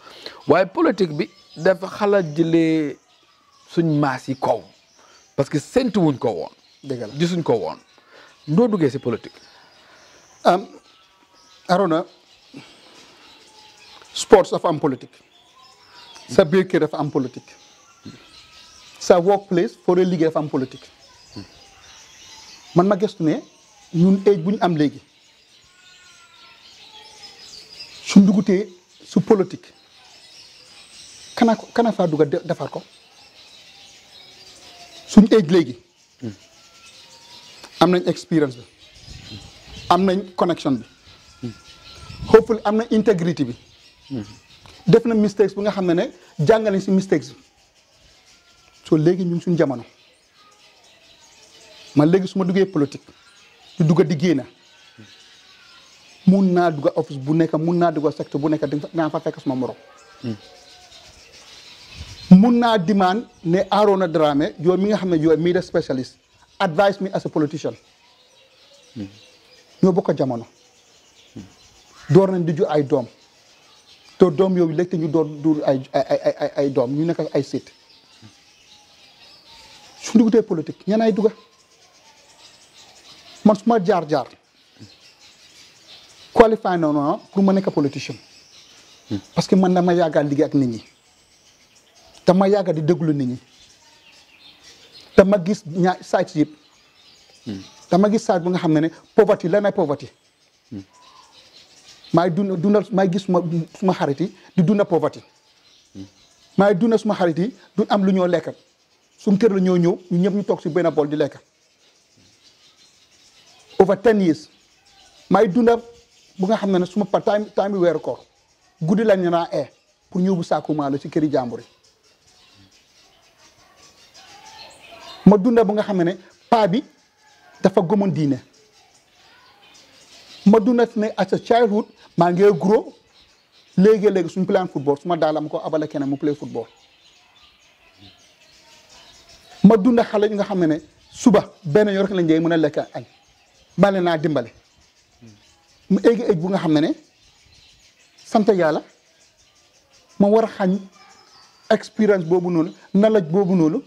waaye politique bi dafa xala jële suñ maas yi kow parce que séntu wuñ ko woon. dëgg la gisuñ ko woon ndoo duggee si politique. am um, Arona sports dafa am politique. sa mm. biir kër dafa am politique. sa workplace foo dee liggéey dafa am politique. Mm. man ma gëstu ne ñun age bu am léegi. su dugutee su politique kana kana faa dugg defar ko suñ eeg léegi am nañ expérience bi am nañ connection bi hopefully am na intégrité bi def na mistakes bu nga xam ne ne jàngale si mistakes bi soo léegi ñu ngi suñ jamono ma léegi suma ma duggee politique ñu dugg di génn mun naa office bu nek mun naa dugg secteur bu nek dinaa fa fek suma morom hmm. mun demand ne Arona Dramé yo mi nga xam yo mi media specialist advise me as a politician hmm. ñoo bokk jamono hmm. door nañ diju ay dom to dom yo lek te ñu door du ay ay ay dom ñu nek ay site su ndugutee politique ñanay duga man suma jaar jaar qualify non non ah, pour ma nekk politicien hmm. parce que man dama yàgga ligue ak nit ñi ma yàgga di deglu nit ñi ma gis ñaa site ta hmm. ma gis site bu nga xam ne poverty la na poverty may hmm. dund dundal may gis suma suma xariti di dunda poverty may dunda suma xariti du am lu ñoo lekk suñ kër la ñoo ñëw ñu ñep ñu tok si bena bol di lekk over ten years may dunda bu nga xam ne ne suma par pa temps weeru koor guddi la naa ee eh, pour ñëw bu saaku maalo ci këri jàmbur yi ma dunda bu nga xam ne paa bi dafa gëmoon diine ma dunda ne as a childhood maa ngi gros léegi-léegi suñu plan football su ma daala ko abala keneen mu play football ma dunda xale ñu nga xam ne ne suba benn yoon rek lañ dee mën a lekk añ naa dimbale mu egg egg bu nga xam ne ne sant yàlla ma war a xañ expérience boobu noonu knowledge boobu noonu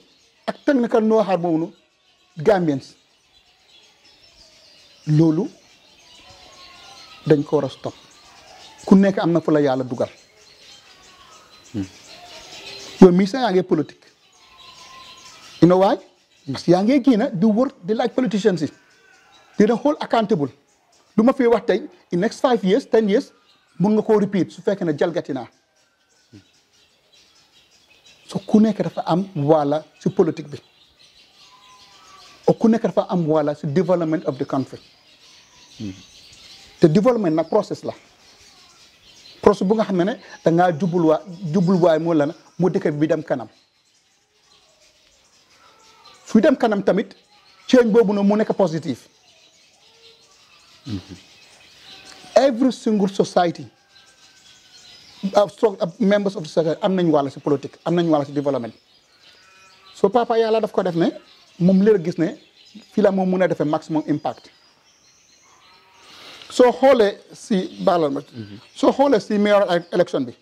ak technical know-how boobu noonu Gambians loolu dañ ko war a stop ku nekk am na fa yàlla dugal hmm. yow mii sax yaa ngee politique you know yaa ngee génn di wër di laaj politicians yi di leen hold accountable lu ma fi wax tey in next five years ten years mun nga koo repeat su fekkee ne jalgati naa so ku nekk dafa am walla si politique bi o ku nekk dafa am walla si development of the country te development nag process la process bu nga xam ne da ngaa jubul waa jubul waay moo la na mu dëkk bi dem kanam fuy dem kanam tamit change boobu noonu mu nekk positif every single society uh, uh, members of the society am nañ wàll si politique am nañ wàll si développement so papa yàlla def ko def ne moom léegi gis ne fii la moom mun a defee maximum impact soo xoolee si baalal ma soo xoolee si mayoral e-, election bi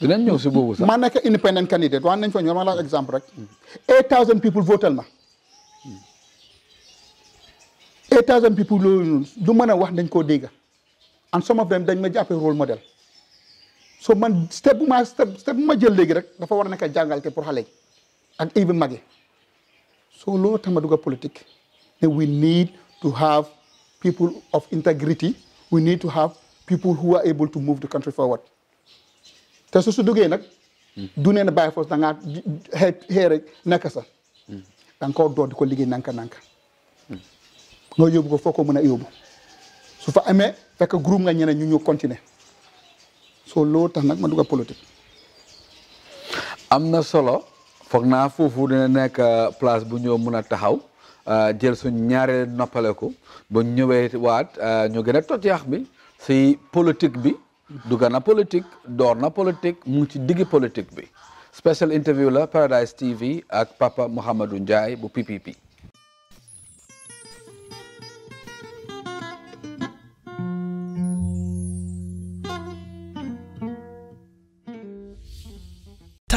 dinañ ñëw si boobu sax ma nekk independent candidate waan nañ fa ñor ma la exemple rek eight thousand people votel ma états and people loolu du mën a wax dañ koo dégg and some dañ ma jàppee role model so man step bu ma jël léegi rek dafa war a nekk jàngal te xale ak even mag so loolu tax ma dugg politique ne we need to have people of integrity we need to have people who are able to move the country forward te su su duggee nag du neen bàyyi force da ngaa xee xee rek nekk sa hmm. da koo door di ko liggéey nanka nanka nga yóbbu ko foo mën a yóbbu su fa amee fekk groupe nga ñeneen ñu ñu continuer soo loolu tax nag ma dugg politique. am na solo foog naa foofu dina nekk uh, place bu ñëw mun a taxaw uh, jël suñ ñaareel noppaleku ba ñëwee waat uh, ñu gën a toj yaax bi si politique bi. dugg na politique door na politique mu ci digg politique bi. special interview la Paradise TV ak Papa Mouhamadou Ndiaye bu PPP.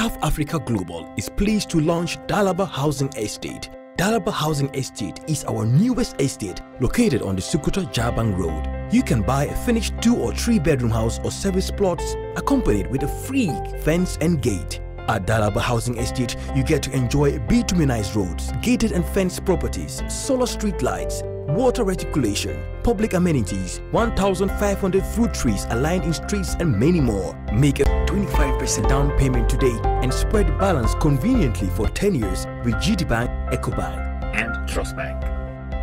South Africa Global is pleased to launch Dalaba Housing Estate. Dalaba Housing Estate is our newest estate located on the Sukuta Jabang Road. You can buy a finished two or three bedroom house or service plots accompanied with a free fence and gate. At Dalaba Housing Estate, you get to enjoy bituminized roads, gated and fenced properties, solar street lights, water reticulation, public amenities, 1,500 fruit trees aligned in streets and many more. Make a 25% down payment today and spread the balance conveniently for 10 years with GTBank, EcoBank and TrustBank.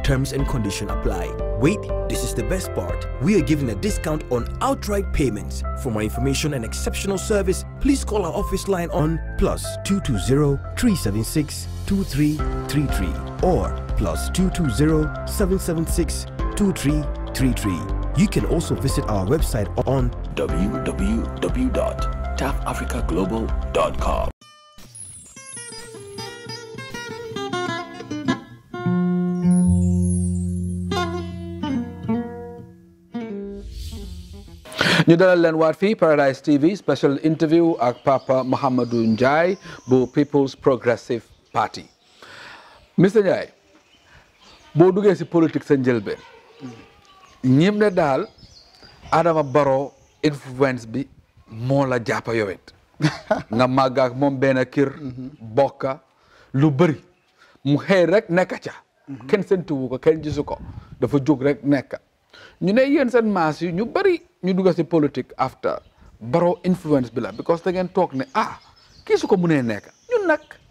Terms and condition apply. Wait, this is the best part. We are giving a discount on outright payments. For more information and exceptional service, please call our office line on plus 220 376 2333 or plus 220-776-2333. You can also visit our website on www.tapafricaglobal.com. ñu dalal leen waat Paradise TV special interview ak Papa Mohamadou Njie bu People's Progressive party Mister Ndiaye boo duggee si politique sa njëlbeen ñim ne daal Adama Barrow influence bi moo la jàppa yowet nga màgg moom benn kër mhm. bokka lu bëri mu xëy rek nekk ca mhm. kenn sentiwu ko kenn gisu ko dafa jóg rek nekk ñu ne yéen seen maas yi ñu bari ñu dugga si politique after Barrow influence bi la because da ngeen toog ne ah kii su ko mënee nekk ñun nag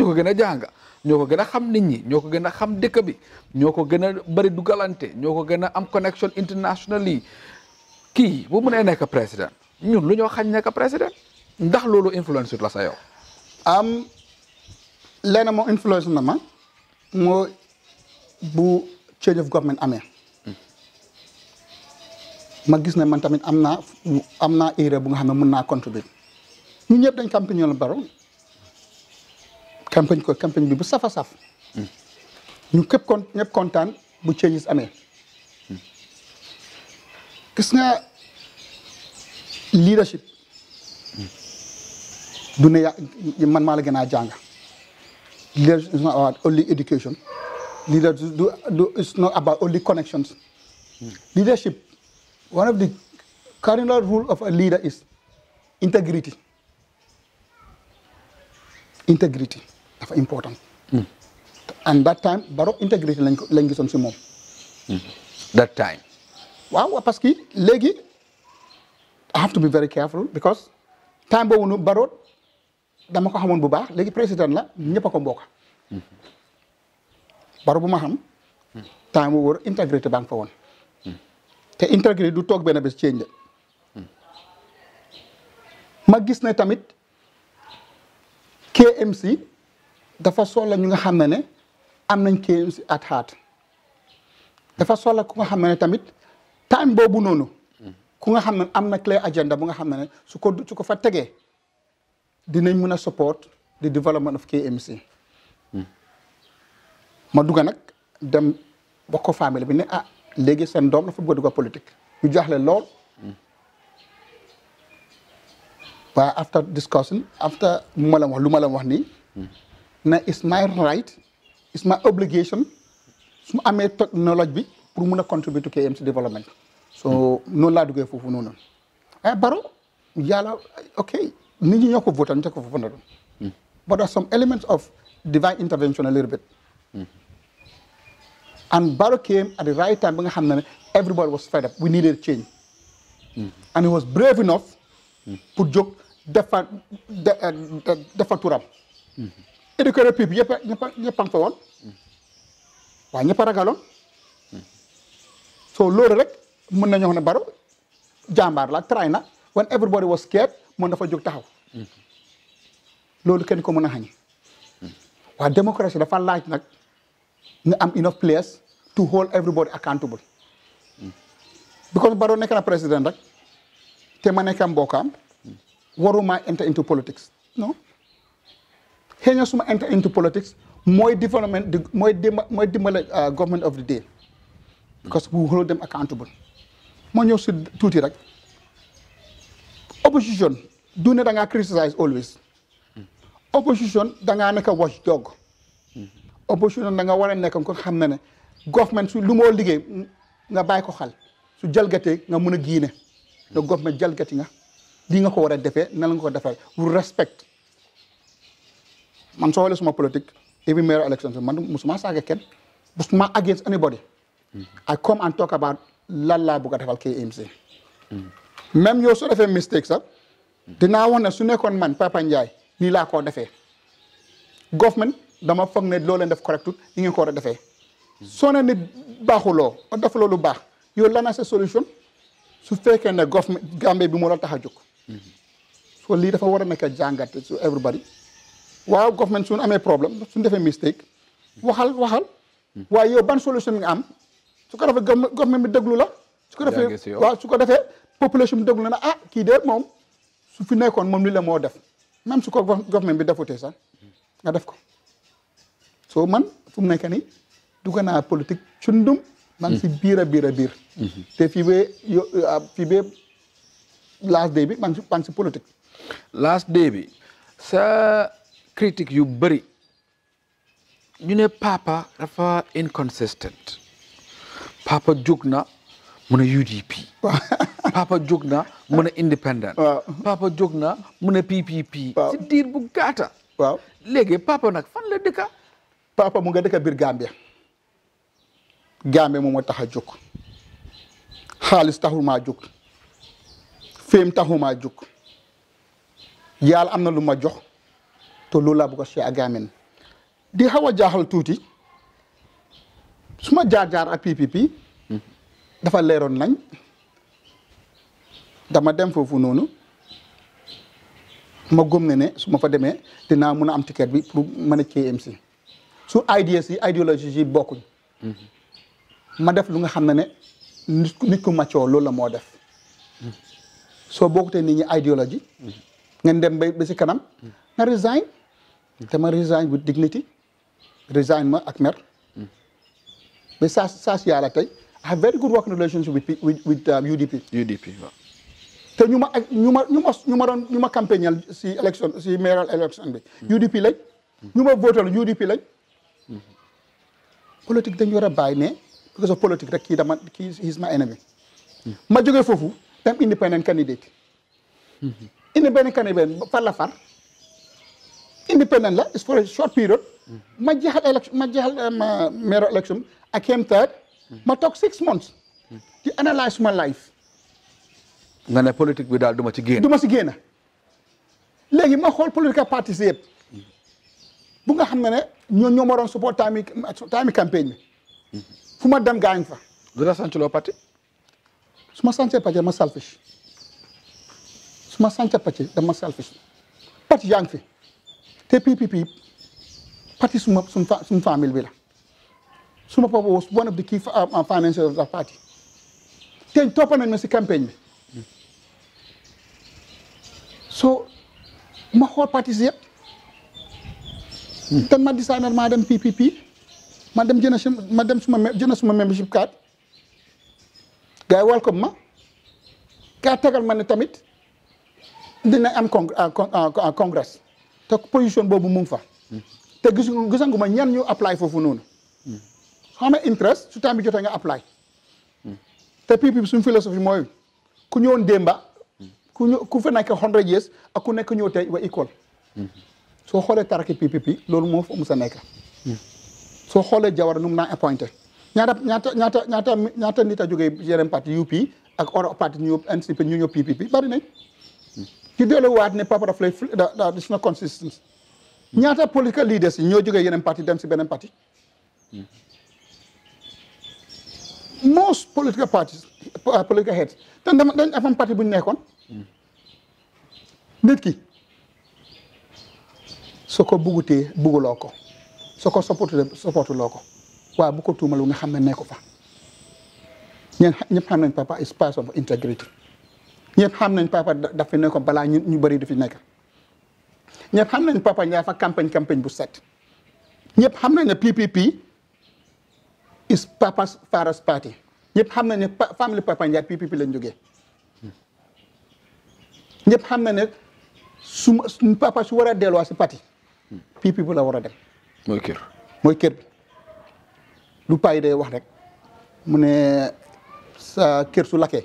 ñoo ko gën a jàng ñoo gën a xam nit ñi ñoo ko gën a xam dëkk bi ñoo ko gën a bëri dugalante ñoo ko gën a am connection international yi kii bu mënee nekk président ñun lu ñu xañ nekk président ndax loolu influence la sa yow. am lenn moo influence na ma moo bu change of government amee. ma gis ne man tamit am naa am naa erreur bu nga xam ne mën naa contribuer ñun dañ la Barrow campagne ko campagne bi bu safa saf ñu képp kon ñëpp kontaan bu changes amee gis nga leadership du ne man maa la gën a jàng leadership is not about only education leadership du du is not about only connections leadership one of the cardinal rule of a leader is integrity integrity dafa important. and that time Baro integrity lañ ko lañ gisoon si moom. Hmm. that time. waaw parce que legui I have to be very careful because time bo wonu Baro dama ko xamone bu baax legui president la ñepp ko mbokk. Baro bu ma xam. time wo integrity bank baa ngi fa woon. te integrity du tok ben bes change ma gis ne tamit KMC. dafa soxla ñu nga xam ne ne am nañ kii si at xaat dafa soxla ku nga xam ne tamit time boobu noonu ku nga xam ne am na clear agenda bu nga xam ne su ko su ko fa tegee dinañ mën a support the development of KMC. ma dugg nag dem wax ko famille bi ne ah léegi seen doom dafa bëgg a dugg politique ñu jaaxle lool. waaye after discussion after mu ma la wax lu ma wax nii. it's my right it's my obligation i ma amee technologie bi pour going to contribute to KMC development so no laa duggee foofu noonu waaye eh, Barrow ok nit voté and take off but there are some elements of divine intervention a little bit and Baro came at the right time when everybody was fed up we needed change and he was brave enough to jóg defa eh, defa turam éducateur public yëpp ñëpp ñëpp a ngi fa woon waaw ragaloon so loolu rek mën nañu wax ne Barrow jàmbaar la try na when everybody was scared moom dafa jóg taxaw loolu kenn ko mën a xañe waa démocratie dafa laaj nag nga am enough place to hold everybody accountable because Barrow nekk na président rek te ma nekk am mbokkaam waruma enter into politics xëy na su enter into politics mooy development mooy dimba mooy dimbale euh, government of the day because we hold them accountable moo ñëw si tuuti rek opposition do ne da ngaa criticize always opposition da ngaa nekk watchdog opposition da nga war a nekk ko xam ne government su lu moo liggéey nga bàyyi ko xal su jalgatee nga mun giine ne government jalgati nga lii nga ko war a na nan la nga ko defee wu respect man soo xoolee suma politique even mayor elections man musuma saaga kenn musuma against anybody I come and talk about lan laa bëgg a defal KMC même yow soo defee mistake sax dinaa wax ne su nekkoon man Papa Ndiaye nii laa ko defee government dama foog ne loo leen def correctut yi ngeen ko war a defee soo ne nit baaxuloo def loolu baax yow lana sa solution su fekkee ne government Gambie bi moo la tax a jóg lii dafa war a nekk jàngat su everybody waaw government suñu amee problème suñu defee mistake waxal waxal waaye yow ban solution nga am su ko defee government bi déglu la su ko defee waaw su ko defee population bi déglu na a ah, kii de moom su fi nekkoon moom li la moo def même su ko government bi defutee sax nga def ko soo man fu mu nekk nii dugg naa politique cundum man si biir biir a biir te fii ba yo ah, fii ba last day bi man si politique last day bi critique yu bari ñu ne papa dafa inconsistent papa jóg na mun UDP papa jóg na mun a independent papa jóg na mun a PPP si diir bu gaata papa nag fan la dëkka papa mu nga dëkka biir Gambia Gambia mu moo tax a jóg xaalis ma maa jóg féem taxul maa jóg yàlla am na lu ma jox te loolu laa bëgg a Cheikh Aga di xaw a jaaxal tuuti su ma jaar-jaar ak PPP dafa leeroon nañ dama dem foofu noonu ma gëm ne ne su ma fa demee dinaa mun a am ticket bi pour mën a si su ideas yi idéologie yi bokkuñ ma def lu nga xam ne ne nit nit ku maccoo loolu la moo def soo bokkutee nit ñi idéologie ngeen dem ba si kanam nga resign dama resign with dignity resign ma ak mer mais saa saa si yàlla tey I have very good working relationship with with with um, UDP. UDP waaw. te ñu ma ak ñu ma ñu ñu ma doon ñu ma campagnal si élection si mayoral élection bi. UDP lañ. ñu ma votal UDP lañ. politique dañu war a bàyyi ne because of politique rek kii dama kii he is enemy. ma joge foofu dem independent candidate. Hmm. independent candidate par la far. independent la it's for a short period ma jeexal election ma jeexal euh, ma mayor election I came third ma toog six months di analyse my life nga ne politique bi daal du ma ci génn du ma ci génn léegi ma xool political parties yëpp bu nga xam ne ne ñoo ñoo ma doon support taami taami campagne fu ma dem gaañ fa du la sanc suma parti su ma sancee suma dama selfish su ma sancee parti dama selfish parti yaa fi te PPP parti suma sum sum famille bi la suma papa was one of the key uh, financiers of that party te toppa nañ ma si campagne bi so ma xool parti si yëpp hmm. ten ma designer maa dem PPP ma dem jënd ma dem suma suma membership card gars yi welcome ma gaa tegal ma ne tamit dina am uh, con uh, te position boobu mu fa. te gis gisangu ma ñan ñu apply foofu noonu. xam nga interest su temps bi jotee nga apply. te pipi suñu philosophie mooy ku ñëwoon démba. ku ñu ku fa nekk hundred years ak ku nekk ñëw tey wa école. soo xoolee taraki PPP loolu moo fa mus a nekk. soo xoolee Jawara nu naa naan appointé ñaata ñaata ñaata ñaata ñaata nit a jógee yeneen parti UP ak or parti ñu NCP ñu ñëw PPP bari nañ. ci delluwaat ne Papa Daf lay da da is not consistent ñaata political leaders yi ñoo jógee yeneen pati dem si beneen parti. most political parties ah, political heads te dama dañ afam parti bu ñu nekkoon. nit ki soo ko buggutee bugguloo ko soo ko supporté supportuloo ko waaye bu ko tuumal nga xam ne nekku fa ñeen ñëpp xam nañ Papa is person of integrity. ñëpp xam nañ papa daf fi nekkoon balaa ñu ñu bëri di fi nekk ñëpp xam nañ papa Ndiaye fa campagne campagne bu set ñëpp xam nañ ne PPP is papa's father's ñëpp xam nañ ne family papa Ndiaye PPP lañ jógee ñëpp xam na ne su papa su war a delluwaat si parti bu la war a dem. mooy kër mooy kër du lu paa day wax rek mu ne sa kër su lakkee.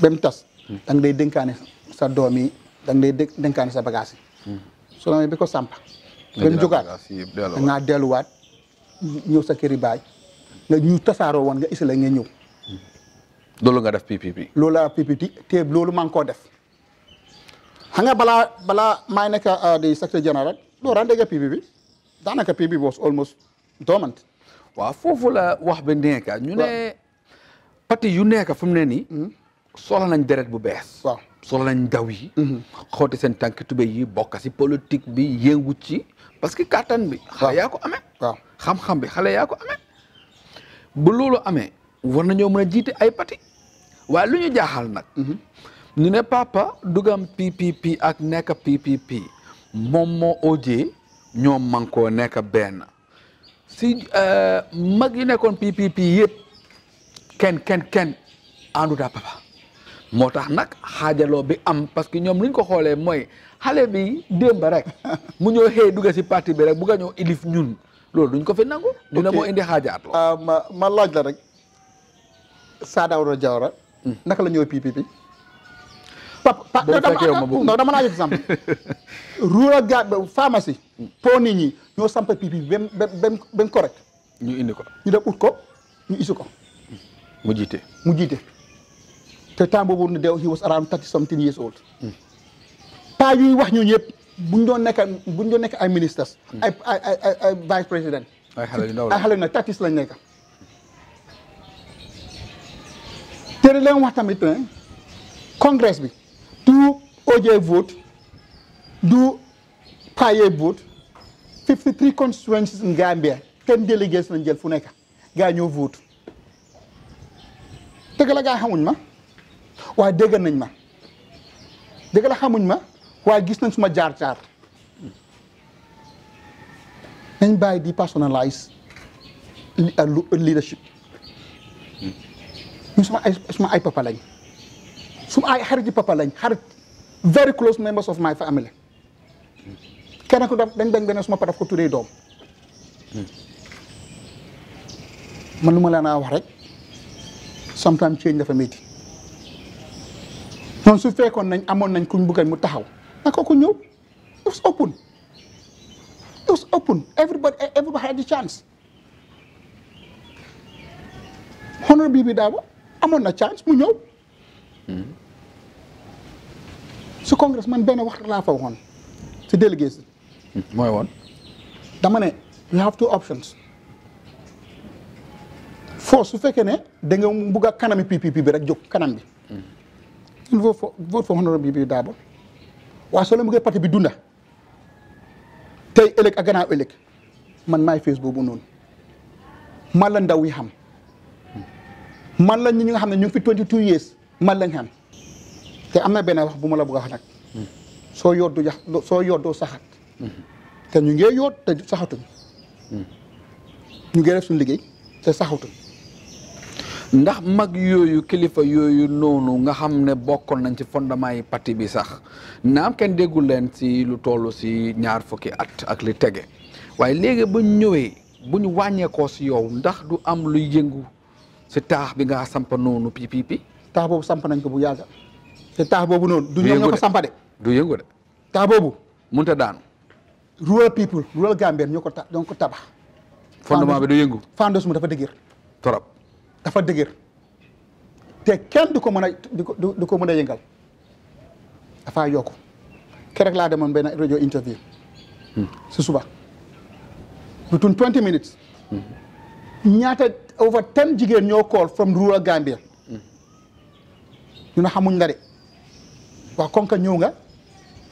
ba tas da nga day dénkaane sa doom yi da nga day dénkaane sa bagage yi su la bi ko samp ba mu jógaat da delluwaat ñëw sa këri baay nga ñu tasaaroo woon nga isla nga ñëw loolu nga def PPP loolu la PPP te loolu maa koo def xam nga balaa balaa maa nekk euh, di secrétaire général doo daan dégg PPP daanaka PPP was almost dormant waaw foofu la wax bi nekk ñu ne parti yu nekk fu mu ne nii hmm. soxla nañ deret bu bees. waaw soxla nañ ndaw yi. Mhm. seen tànki tubéy yi bokk si politique bi yëngu ci parce que kattan bi. xale yaa ko amee. waaw xam bi xale yaa ko amee. bu loolu amee war nañoo mën a jiite ay pati waaye lu ñu jaaxal nag. Mhm. ñu ne papa dugam PPP ak nekk PPP moom moo OJ ñoo mankoo nekk benn si euh, mag yi nekkoon PPP yëpp kenn kenn kenn àndut papa. moo tax nag xaajaloo bi am parce que ñoom luñ ko xoolee mooy xale bi démb rek mu ñëw xëy dugg si parti bi rek bu nga ñëw ilif ñun loolu duñ ko fi nangu. dina moo indi xaajaat la. Ah, ma ma laaj la rek Saa Daawuda Jawara. Hmm. naka la ñëw PPP. papa non dama laaj exemple. rural ga pharmacie. Hmm. po nit ñi ñoo samp PPP bem bem bem correct. ñu indi ko ñu ko ñu isu ko. Hmm. mu jiite mu jiite. te temps boobu ne dew he was around thirty something years old paa yuy wax ñu ñëpp buñ doon nekk buñ nekk ay ministres ay ay ay ay vice président ay xale yu ndaw ay xale yu ndaw lañ nekk leen wax tamit ne congrès bi du OJ vote du paye vote fifty three constituencies in Gambia ten délégués lañ jël fu nekk gaa ñoo vote tëgg la gaa xamuñ ma waa dégg nañ ma dégg xamuñ ma waa gis nañ suma jaar-jaar nañ bàyyi di personalize li euh, euh, leadership ñu suma ay ay papa lañ suma ay xarit yi papa lañ xarit very close members of my family kenn ku daf dañ bañ beneen suma papa daf ko ture doom man lu ma laa a wax rek sometimes change dafa métti non su fekkon nañ amon nañ kuñ bëggal mu taxaw na ko ñew it's open it's open everybody everybody had the chance honor bibi bi daawa na chance mu ñew su congress man ben wax laa fa waxoon si délégation moy won dama né you have two options fo su fekkee ne da nga bëgg kanami PPP bi rek jox kanam bi il vote for vote for honorable Bibi Dabo waaw soo leen bëggee parti bi dunda tey ëllëg ak gannaaw ëllëg man maay face boobu noonu man la ndaw yi xam man la ñi nga xam ne ñu ngi fi 22 years man lañ xam te am na benn wax bu ma la bëgg a wax soo yoddu jax soo saxat te ñu ngee yoot te saxatuñ hmm. ñu ngee def suñu liggéey te saxatuñ ndax mag yooyu kilifa yooyu noonu nga xam ne bokkoon nañ ci fondement yi parti bi sax naam kenn déggul leen si lu toll si ñaar fukki at ak li tege waaye léegi ba ñëwee bu ñu wàññeekoo si yow ndax du am luy yëngu si taax bi nga sampa noonu pipipi taax boobu samp nañ ko bu yàgga te taax boobu noonu du ñoom ñoo sampa de du yëngu de taax boobu mënut a daanu rural people rural Gambien ñoo ko ta ñoo ko tabax fondement bi du yëngu fendos mu dafa dëgër trop dafa dëgër te kenn du ko mën a du ko mën a yëngal dafa yokku keroog laa demoon benn radio interview hmm. si suba between twenty minutes hmm. ñaata over ten jigéen ñoo call from rural Gambia ñu ne xamuñ la de waaw kon ka ñëw nga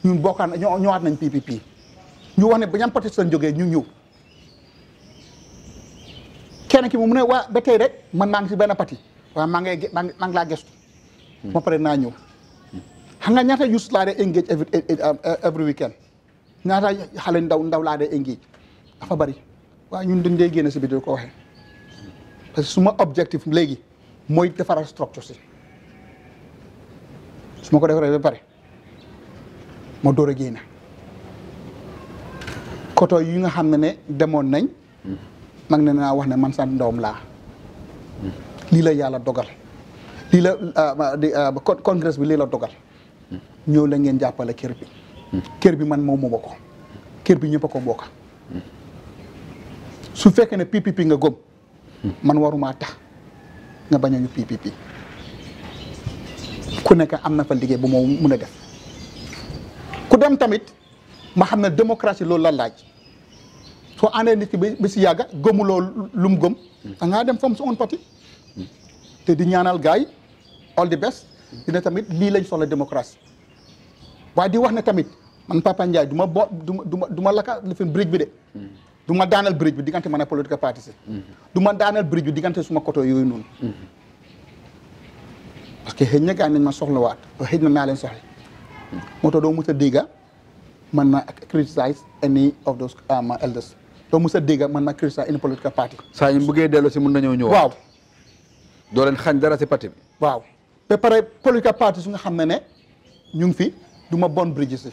ñun bokkaan ñëwaat nañ PPP ñu wax ne ba ñam parti jógee ñu ñëw kenn ki moom mu ne waa ba tey rek man maa ngi si benn pati waaw maa ngi laa gestu. Hmm. ba pare naa ñëw. xam nga ñaata youth laa dee engage e, e, e, um, every weekend ñaata xale ndaw ndaw laa dee engage dafa bari waa ñun dañ dee génne si biir ko waxee suma objectif léegi mooy defaral structure si ko defaree ba pare ma door a génne koto yi nga xam ne ne demoon nañ. Hmm. mag ne naa wax ne man sa ndoom laa lii la yàlla dogal lii la ah, ah, ah, congrès bi lii la dogal ñëw la ngeen jàppale kër bi kër bi man moomu ma ko kër bi ñëpp a ko bokk su fekkee ne PPP nga gëm man waruma tax nga bañ a ñu PPP ku nekk am na fa liggéey bu moo mun a def ku dem tamit ma xam ne démocratie loolu la laaj soo àndee nit ki ba si yàgga gëmuloo lu mu da dem fam su own parti hmm. te di ñaanal gaay all the best hmm. dina tamit li lañ soxla démocratie wa di wax ne tamit man Papa ndjay duma duma duma laka le fin bridge bi de hmm. duma daanal bridge bi diganté man a political parti si du daanal bridge bi diganté suma koto yoy non parce que hegna na nañ ma soxlawaat xëy na naa leen soxla moto do mu mës diga man na criticize any of those um, elders doo mos a dégg man ma critiquer in political party. saa ñu bëggee delloo si mun nañoo ñëw. waaw doo leen xañ dara si parti bi. waaw ba pare political party su nga xam ne ne ñu ngi fi du ma bon bridges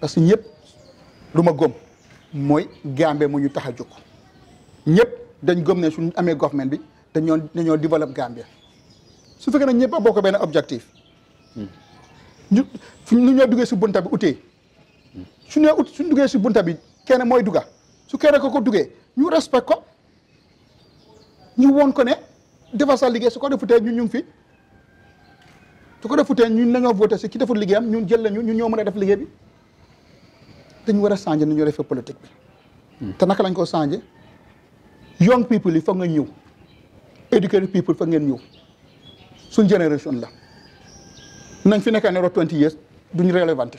parce que ñëpp lu ma gëm mooy Gambie mu ñu tax a ñëpp dañ gom ne suñ amee government bi dañoo dañoo développe Gambie su fekkee ne ñëpp a bokk benn objectif. ñu ñu ñoo duggee si bunta bi utee. su ñu ut suñ duggee si bunta bi kenn mooy dugga. su keree ko ko duggee ñu respect ko ñu woon ko ne defal sa liggéey su ko defutee ñun ñu ngi fi su ko defutee ñun nañoo voté si ki deful liggéeyam ñun jël lañu ñun ñoo mën a def liggéey bi dañu war a changer ni ñu defee politique bi. Hmm. te naka lañ ko changer young people yi foog nga ñëw educated people foog ngeen ñëw suñ génération la nañ fi nekk ne rot 20 years duñ relevant.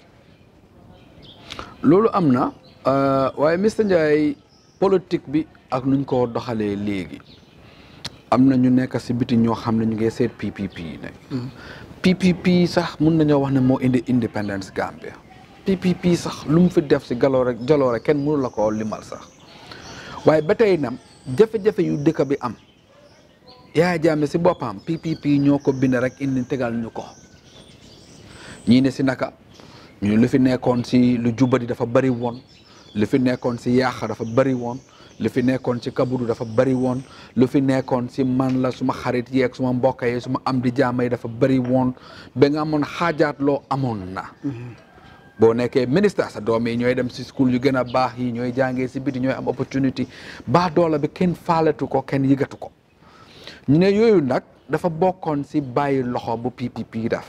loolu am na. Eh, waaye mister ndiaye politique bi ak nuñ ko doxalee léegi am na ñu nekk si biti ñoo xam ne ñu ngay seet ppp ne ppp mm-hmm. sax mun nañoo wax ne moo indi independence gambia ppp sax lu mu fi def si galoore jaloore kenn munu la koo limal sax waaye ba tey nam jafe-jafe yu dëkk bi am yaa jaame si boppam ppp ñoo ko bind rek indi tegal ñu ko ñii ne si naka ñu lu fi nekkoon si lu jubadi dafa bëri woon li fi nekkoon si yàq dafa bëri woon li fi nekkoon si kabudu dafa bëri woon lu fi nekkoon si man la suma xarit yeeg suma mbokk yi suma am di jaama yi dafa bëri woon ba nga amoon xaajaat loo amoon na mm-hmm. boo nekkee ministre sa doom yi ñooy dem si school yu gën a baax yi ñooy jàngee si biti ñooy am opportunity baax doola bi kenn faaletu ko kenn yëgatu ko ñu ne yooyu nag dafa bokkoon si bàyyi loxo bu pii PPP daf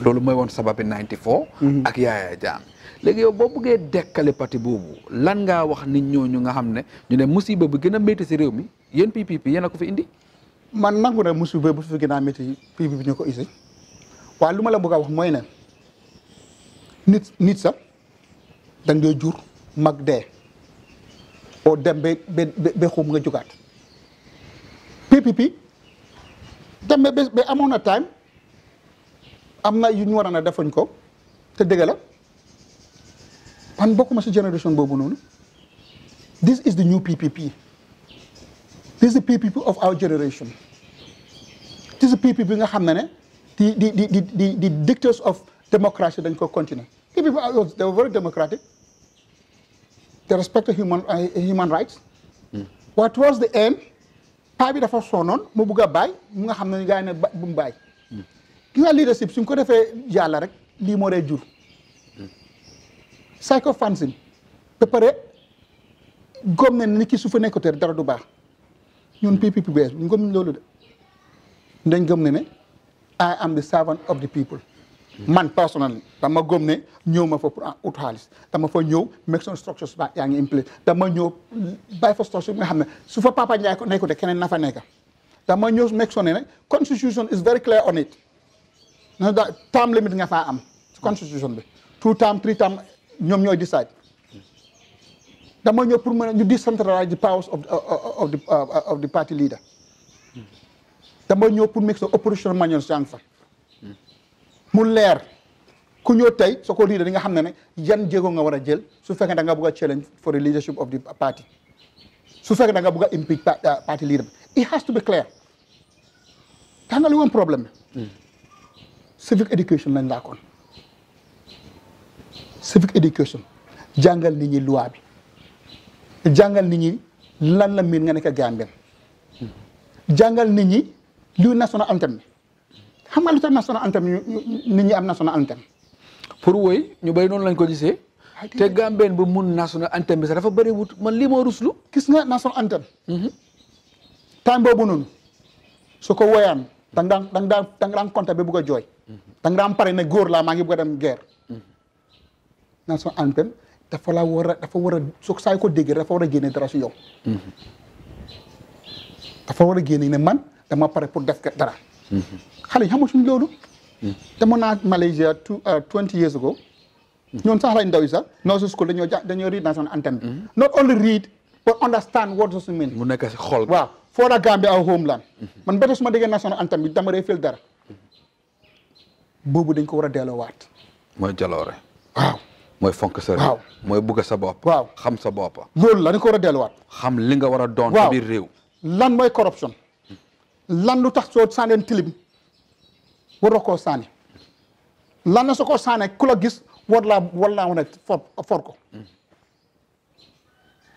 loolu mooy woon sababi 94 mm-hmm. ak Yaya Jammeh léegi yow boo buggee dekkale parti boobu lan ngaa wax nit ñooñu nga xam ne ñu ne musiba bi gën a métti si réew mi yéen PPP yéen a ko fi indi. man nangu na musiba bu fi gën a métti PPP ñu ko indi waaye lu ma bëgg a wax mooy ne nit nit sax da ngay jur mag dee oo dem ba ba ba xum nga dem ba ba amoon na time am na yu ñu waroon a defuñ ko te dëgg la. man bokkuma si génération boobu noonu this is the new PPP this is the PPP of our generation this is the PPP bi nga xam ne ne di di di di di dictators of democracy dañ ko continuer PPP they were very democratic they respected human uh, human rights but hmm. towards the end paa bi dafa soonoon mu bugg a bàyyi mu nga xam ne gaa yi ne bu mu bàyyi hmm. ki nga leadership suñ ko defee yàlla rek lii moo dee jur psychophanzine ba pare góom ne ni ki su fa nekkatee dara du baax ñun PPP bu bees loolu de dañ gëm ne ne I am the servant of the people man personally dama gëm ne ñëw ma fa pour ut xaalis dama fa ñëw make some structures ba yaa ngi implémenté dama ñëw bàyyi fa structure bi nga xam ne su fa Papa Ndiaye ko nekkute keneen na fa nekk dama ñëw make sure ne ne constitution is very clear on it na da term limit nga faa am constitution bi two term three term ñoom ñooy decide dama ñëw pour mën a ñu decentralize the powers of uh, uh, of the uh, of the party leader dama ñëw pour make so opposition manœuvre jàng fa mu leer ku ñëw tey soo ko leader di nga xam ne ne yan jéego nga war a jël su fekkee da nga bëgg a challenge for the leadership of the party su fekkee da nga bëgg a impeach party leader it has to be clear tax nga li woon problème hmm. civic education lañ laa koon civic education jàngal nit ñi loi bi jàngal nit ñi lan la miin nga nekk Gambien jàngal nit ñi luy national anthem xam nga lu tax national anthem nit ñi am national anthem pour woy ñu bëri noonu lañ ko gisee te Gambien ba mun national anthem bi sax dafa bëri wut man lii moo ruslu gis nga national anthem mhm. time boobu noonu su ko woyaan dang daan dang daan dang daan compté ba bugg a jooy mhm. dang pare ne góor laa maa ngi bugg dem guerre dans son antenne dafa la wara a dafa wara sok say ko déggee dafa war a génne dara su yow. dafa war a génne ne man dama pare pour def dara. xali yi xamatuñ lolu demoon naa Malaysia 20 uh, twenty years ago. ñoon sax lañ ndaw yi sax nursery school dañu dañu read dans son antenne. not only read but understand what does it mean. mu nekk ci xol wa for the Gambia our homeland. man beto suma su ma national anthem bi dama dee feel dara. bobu dañ ko war a delloowaat. mooy jaloore waaw. mooy fonk sa réew. mooy bugg sa bopp. waaw xam sa bopp. loolu la ko war delluwaat. xam li nga war a doon. waaw biir réew. lan mooy corruption lan lu tax soo sànneen tilim waroo koo sànni lan la soo koo sànnee ku la gis war laa war laa wane for ko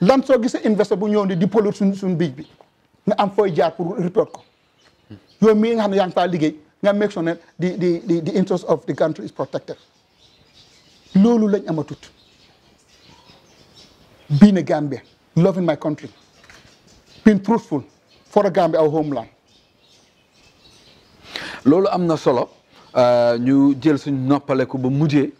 lan soo gisee investeur bu ñëw ni di polluer suñ suñ biij bi nga am fooy jaar pour report ko yow mii nga xam ne yaa liggéey nga make sure the interest of the country is protected. loolu lañ amatut being a Gambian loving my country being truthful for the Gambia our homeland loolu am na solo euh, ñu jël suñ noppaleku ba mujjee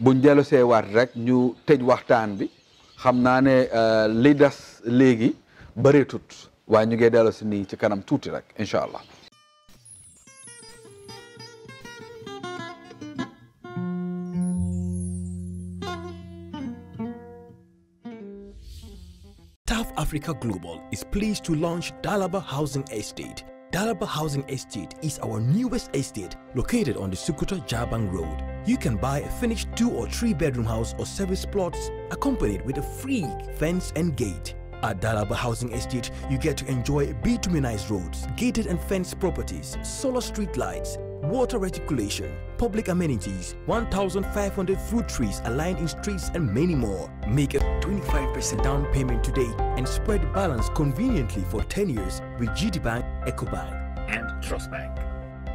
buñ dellu waat rek ñu tëj waxtaan bi xam naa ne euh, li des léegi bëreetut waaye ñu ngi dellu si nii ci kanam tuuti rek incha allah Africa Global is pleased to launch Dalaba Housing Estate. Dalaba Housing Estate is our newest estate located on the Sukuta Jabang Road. You can buy a finished two or three bedroom house or service plots accompanied with a free fence and gate. At Dalaba Housing Estate, you get to enjoy bituminized roads, gated and fenced properties, solar street lights, water reticulation, public amenities, 1,500 fruit trees aligned in streets and many more. Make it 25% down payment today and spread balance conveniently for 10 years with GDBank, EcoBank, and TrustBank.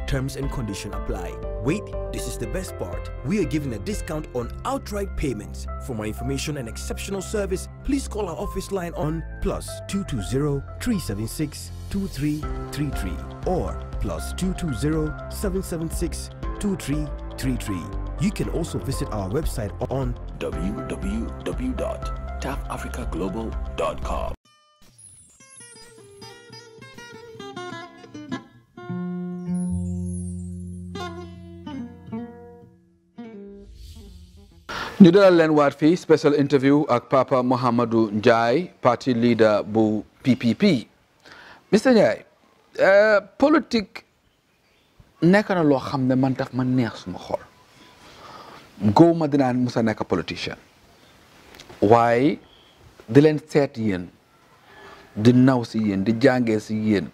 Terms and condition apply. Wait, this is the best part. We are giving a discount on outright payments. For more information and exceptional service, please call our office line on plus 220-376-2333 or plus 220-776-2333. You can also visit our website on www tapafricaglobal.com. ñu dalal leen waat fii special interview ak papa Mohamadou Ndiaye parti leader bu PPP Mr Ndiaye eh, politique nekana lo loo xam ne man daf ma neex suma xol góob ma musa nekk politician. waaye di leen seet yeen di naw si yéen di jàngee si yéen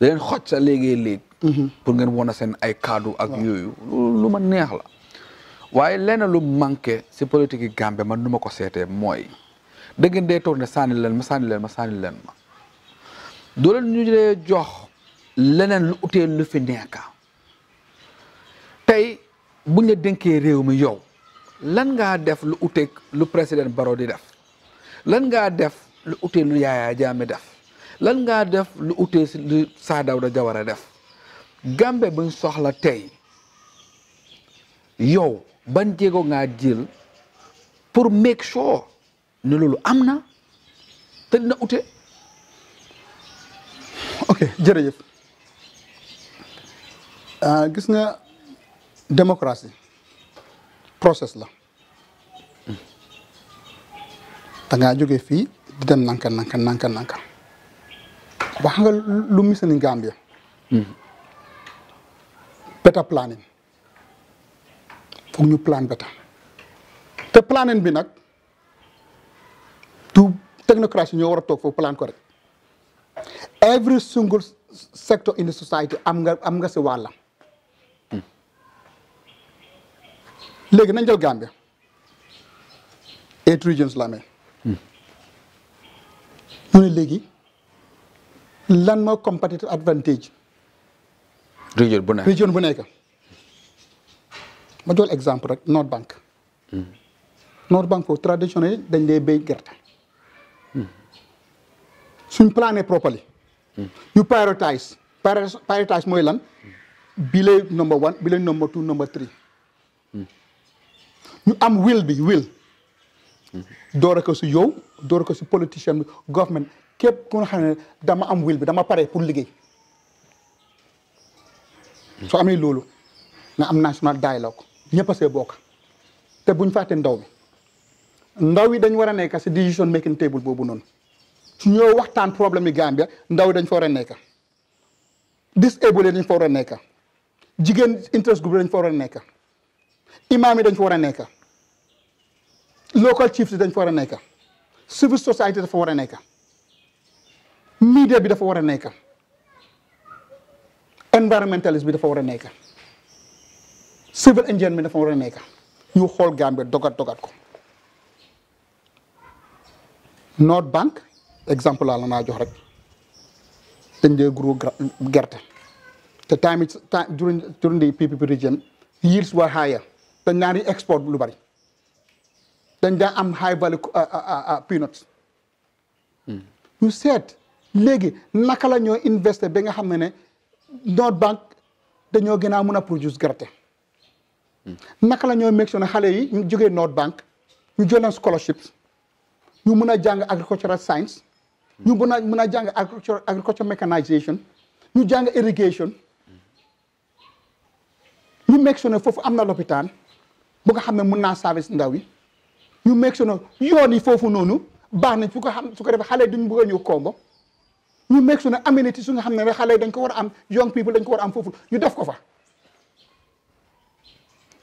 di leen xoj sa léegi-léeg mm-hmm. pour ngeen wan seen ay kaddu ak yooyu lu ma neex la waaye leena lu manqué si politique yi Gambie man nu ma ko seetee mooy dégg ngeen day tourné sànni leen ma sànni leen ma sànni leen ma doo leen ñu jox leneen lu utee lu fi nekka tey buñ la dénkee réew mi yow lan ngaa def lu uteeg lu président Barrow di def lan ngaa def lu utee lu Yaya Jammeh def lan ngaa def lu utee lu Saa Dawda Jawara def Gambie buñ soxla tey yow ban jéego ngaa jël pour make sure ne loolu am na te dina ute ok jërëjëf ah, gis nga démocratie process la da ngaa jóge fii di dem nanka nanka nanka nanka wax ni lu misani Gambia better planning foog ñu plan better te planning bi nag du technocratie ñoo war a toog foofu plan ko rek every single sector in the society am nga am nga si léegi nañ jël Gambia eight regions la amee mu hmm. léegi lan moo competitive advantage. région bu nekk région bu nekk ma jox exemple rek North Bank. Hmm. North Bank foofu traditionnel dañ lay béy gerte. Hmm. suñ plané properly. ñu prioritise prioritise mooy lan. bi lay number one bi lay number two number three. ñu am will bi will doora ko si yow doora ko si politicien bi government képp ku nga xam dama am will bi dama pare pour liggéey soo amee loolu nga am national dialogue ñëpp a see bokk te buñ fàtte ndaw bi ndaw yi dañ war a nekk si decision making table boobu noonu su ñoo waxtaan problème yi Gambia ndaw dañ fa war a nekk disabled dañ fa war a nekk jigéen interest group dañ fa war nekk imaam yi dañ fa war a nekk local chiefs dañ fa war a nekk civil society dafa war a nekk media bi dafa war a nekk environmentalist bi dafa war a nekk civil engineer bi dafa war a nekk ñu xool Gambia dogat dogat ko North Bank exemple laa la naa jox rek dañ dee gros gerte te time during during the PPP region yields were higher te ñaar export lu bari dañ am high value ah, ah, ah, peanuts hmm. ñu seet léegi naka la ñoo investé ba nga xam ne ne North Bank dañoo gën a mun a produce gerte hmm. naka la ñoo make sure ne xale yi ñu jógee North Bank ñu jël scholarships ñu mun a jàng agricultural science hmm. ñu mun a mun a jàng agriculture agriculture mécanisation ñu jàng irrigation ñu make sure foofu am na lopitaan bu nga xam ne mën naa service ndaw yi ñu meeg su ne yoon yi foofu noonu baax nañ fu ko xam su ko defee xale duñ bëgg a ñëw Kombo ñu meeg su ne aménité su nga xam ne xale dañ ko war a am young people dañ ko war am foofu ñu def ko fa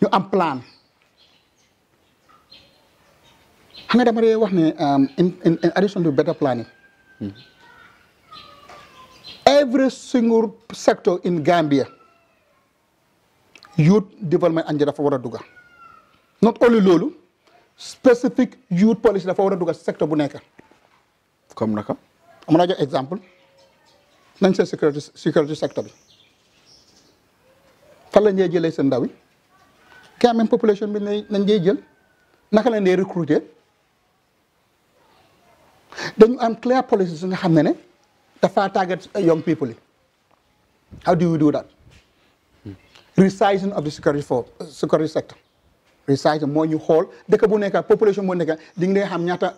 ñu am plan xam nga wax ne um, in in addition to better planning hmm. every single sector in Gambia youth development and dafa war a dugga not only loolu specific youth policy dafa war a dugal secteur bu nekk. comme naka. am naa jox exemple nañ se sécurité sécurité secteur bi fan la ñuy jëlee seen ndaw yi quand même population bi nañ ngay jël naka lañ lay recruter dañu am clear policy su nga xam ne ne dafa target young people yi how do we do that hmm. resizing of the security for security sector. research moo ñu xool dëkk bu nekk population bu nekk di nga xam ñaata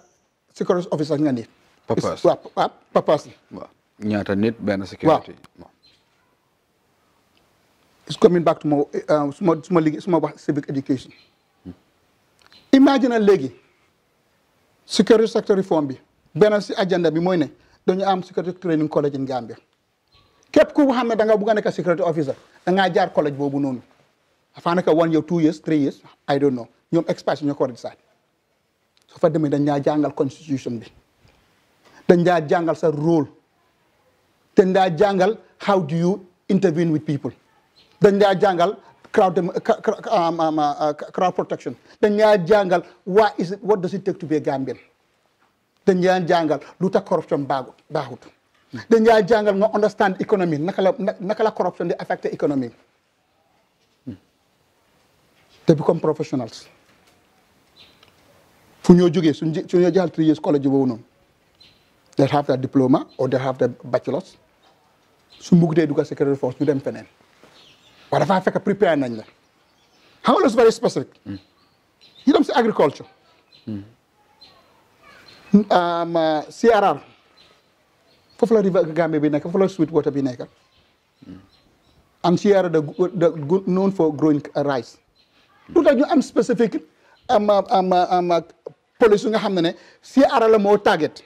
security officers nga nii. papaas waaw ah papaas. waaw ñaata nit benn security. waaw it's coming back to uh, ma suma suma liggéey suma wax civic education. Hmm. imagine léegi security sector reform bi benn si agenda bi mooy ne dañu am security training college in Gambia képp ku xam ne da nga bugg a nekk security officer da ngaa jaar college boobu noonu. daanaka one year two years three years I don't know ñoom experts ñoo ko war a decide su fa demee dañ ñaa jàngal constitution bi dañ laa jàngal sa rôle dañ laa jàngal how do you intervene with people dañ laa jàngal crowd uh, um, um, uh, crowd protection dañ laa jàngal why is it what does it take to be a Gambian dañ laa jàngal lu tax corruption baaxut baaxut dañ laa jàngal nga understand economy naka la naka la corruption di affecté économie they become professionals fu ñoo jógee suñ su ñoo jàll three years college boobu noonu they have their diploma or they have their bachelors su mbugutee dugal security force ñu dem feneen waaye dafaa fekk prepare nañ la xam nga very specific hmm. ñu dem si agriculture hmm. um, uh, CRR foofu la river Gambia bi nekk foofu la sweet water bi nekk hmm. and CRR the known for growing rice du tax ñu am spécifique am am am police yu nga xam ne ne si arala moo target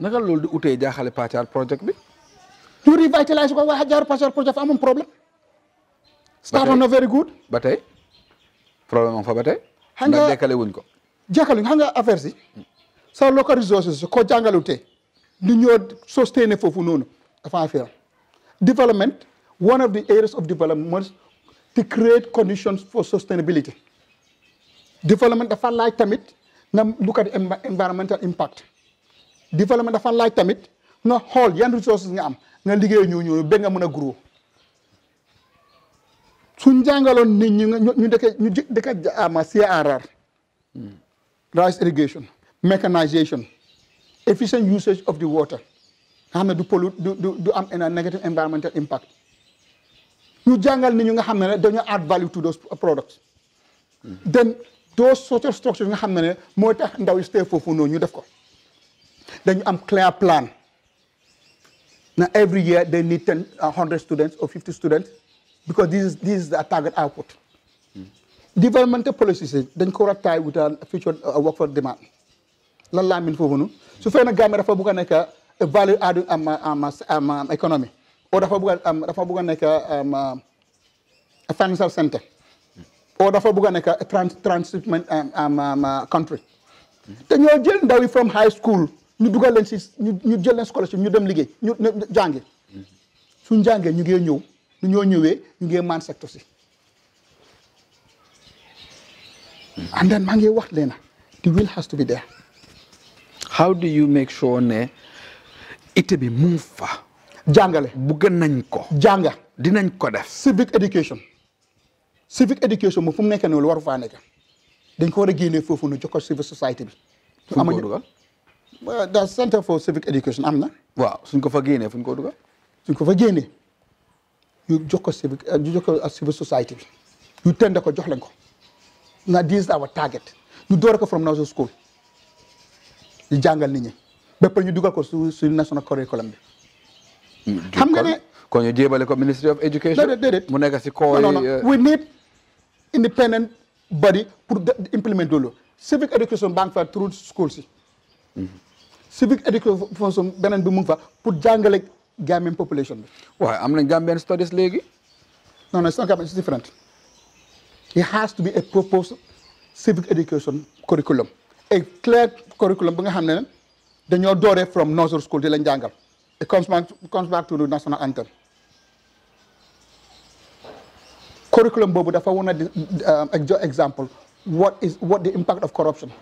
naka loolu di utee jaaxale Pàccaar projet bi. ñu revitaliser ko waaye jaar Pàccaar projet fa amoon problème. start on a very good. ba tey problème am fa ba tey. xam nga jekkale wuñ ko. jekkale xam nga affaire si. sa local resources ko jàngalutee. li ñoo sustain foofu noonu dafa affaire development one of the areas of development to create conditions for sustainability. développement dafa laaj tamit nga look at environmental impact développement dafa laaj tamit nga xool yan resources nga am nga liggéey ñoo ñu ba nga mën a grow suñ jàngaloon nit ñi ñu dëkk ñu dëkk ama CRR rice irrigation mechanization efficient usage of the water nga xam na du pollute du du am un negative environmental impact ñu jàngal nit ñu nga xam ne dañoo add value to those products doo soto structure nga xam ne ne mooy tax ndaw yi stay foofu noonu ñu def ko dañu am clear plan na every year they need ten uh, hundred students or fifty students because this is this is the target output developmental policies dañ ko war a taay with a future uh, workforce demand lan laa min foofu noonu su fekkee ne Gambie dafa bëgg a nekk a uh, value added am am economy or dafa bëgg a um, dafa bëgg a nekk um, a financial center oo dafa bugg a nekk transshipment um, um, um, uh, country te ñoo jël ndaw yi from high school ñu dugal leen si ñu jël leen scholarship ñu dem liggéey ñu jànge suñ jàngee ñu ngee ñëw ñu ñoo ñëwee ñu ngee maan secteur si and then maa ngi wax leena the will has to be there how do you make sure ne ité bi mu fa jàngale bugg nañ ko jànga nañ ko def civic education civic education moom fu mu nekk nii waru faa nekk dañ ko war a génnee foofu nu jox ko civil society bi. fu ñu ko dugal da center for civic education am na. waaw suñ ko fa génnee fu ñu ko dugal. suñ ko fa génnee jox ko civic eh, ñu jox ko civil society bi ñu tënd ko jox leen ko na this our target ñu door ko from nursery school ñu jàngal nit ñi ba pare ñu dugal ko su su national curriculum bi. xam nga ne kon ñu jébale ko ministry of education. déedéet déedéet mu nekk si koo eh. we need independent body pour implement loolu civic education baa ngi fa through school si mm-hmm. civic education beneen bi mu fa pour jàngale Gambian population bi waaye am nañ Gambian studies léegi non non it's different it has to be a proposed civic education curriculum a clear curriculum bi nga xam ne dañoo dooree from nursery school di lañ jàngal it comes back to the national anthem curriculum boobu dafa wan um, a jox example what is what the impact of corruption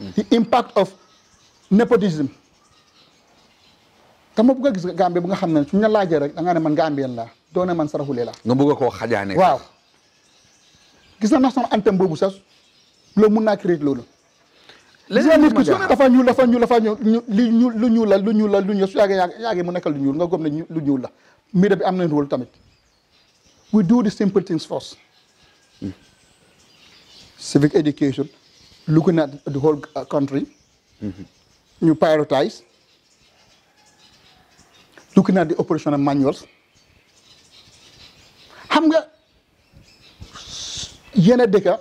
hmm. the impact of nepotism te ma bëgg gis bu nga xam ne suñu la laajee rek da ne man Gambien laa doo ne man saraxule laa nga bëgg koo xajaane waaw gis na national anthem boobu sax loolu mun naa créer loolu léegi nit ki su ne dafa ñuul dafa ñuul lu ñuul la lu ñuul la lu ñuul su yàggee yàggee mu nekkal lu ñuul nga gëm lu ñuul la mbir bi am nañ rôle tamit we do the simple things first. Mm. Civic education, looking at the whole uh, country, mm -hmm. looking at the operational manuals. xam nga yenn dëkka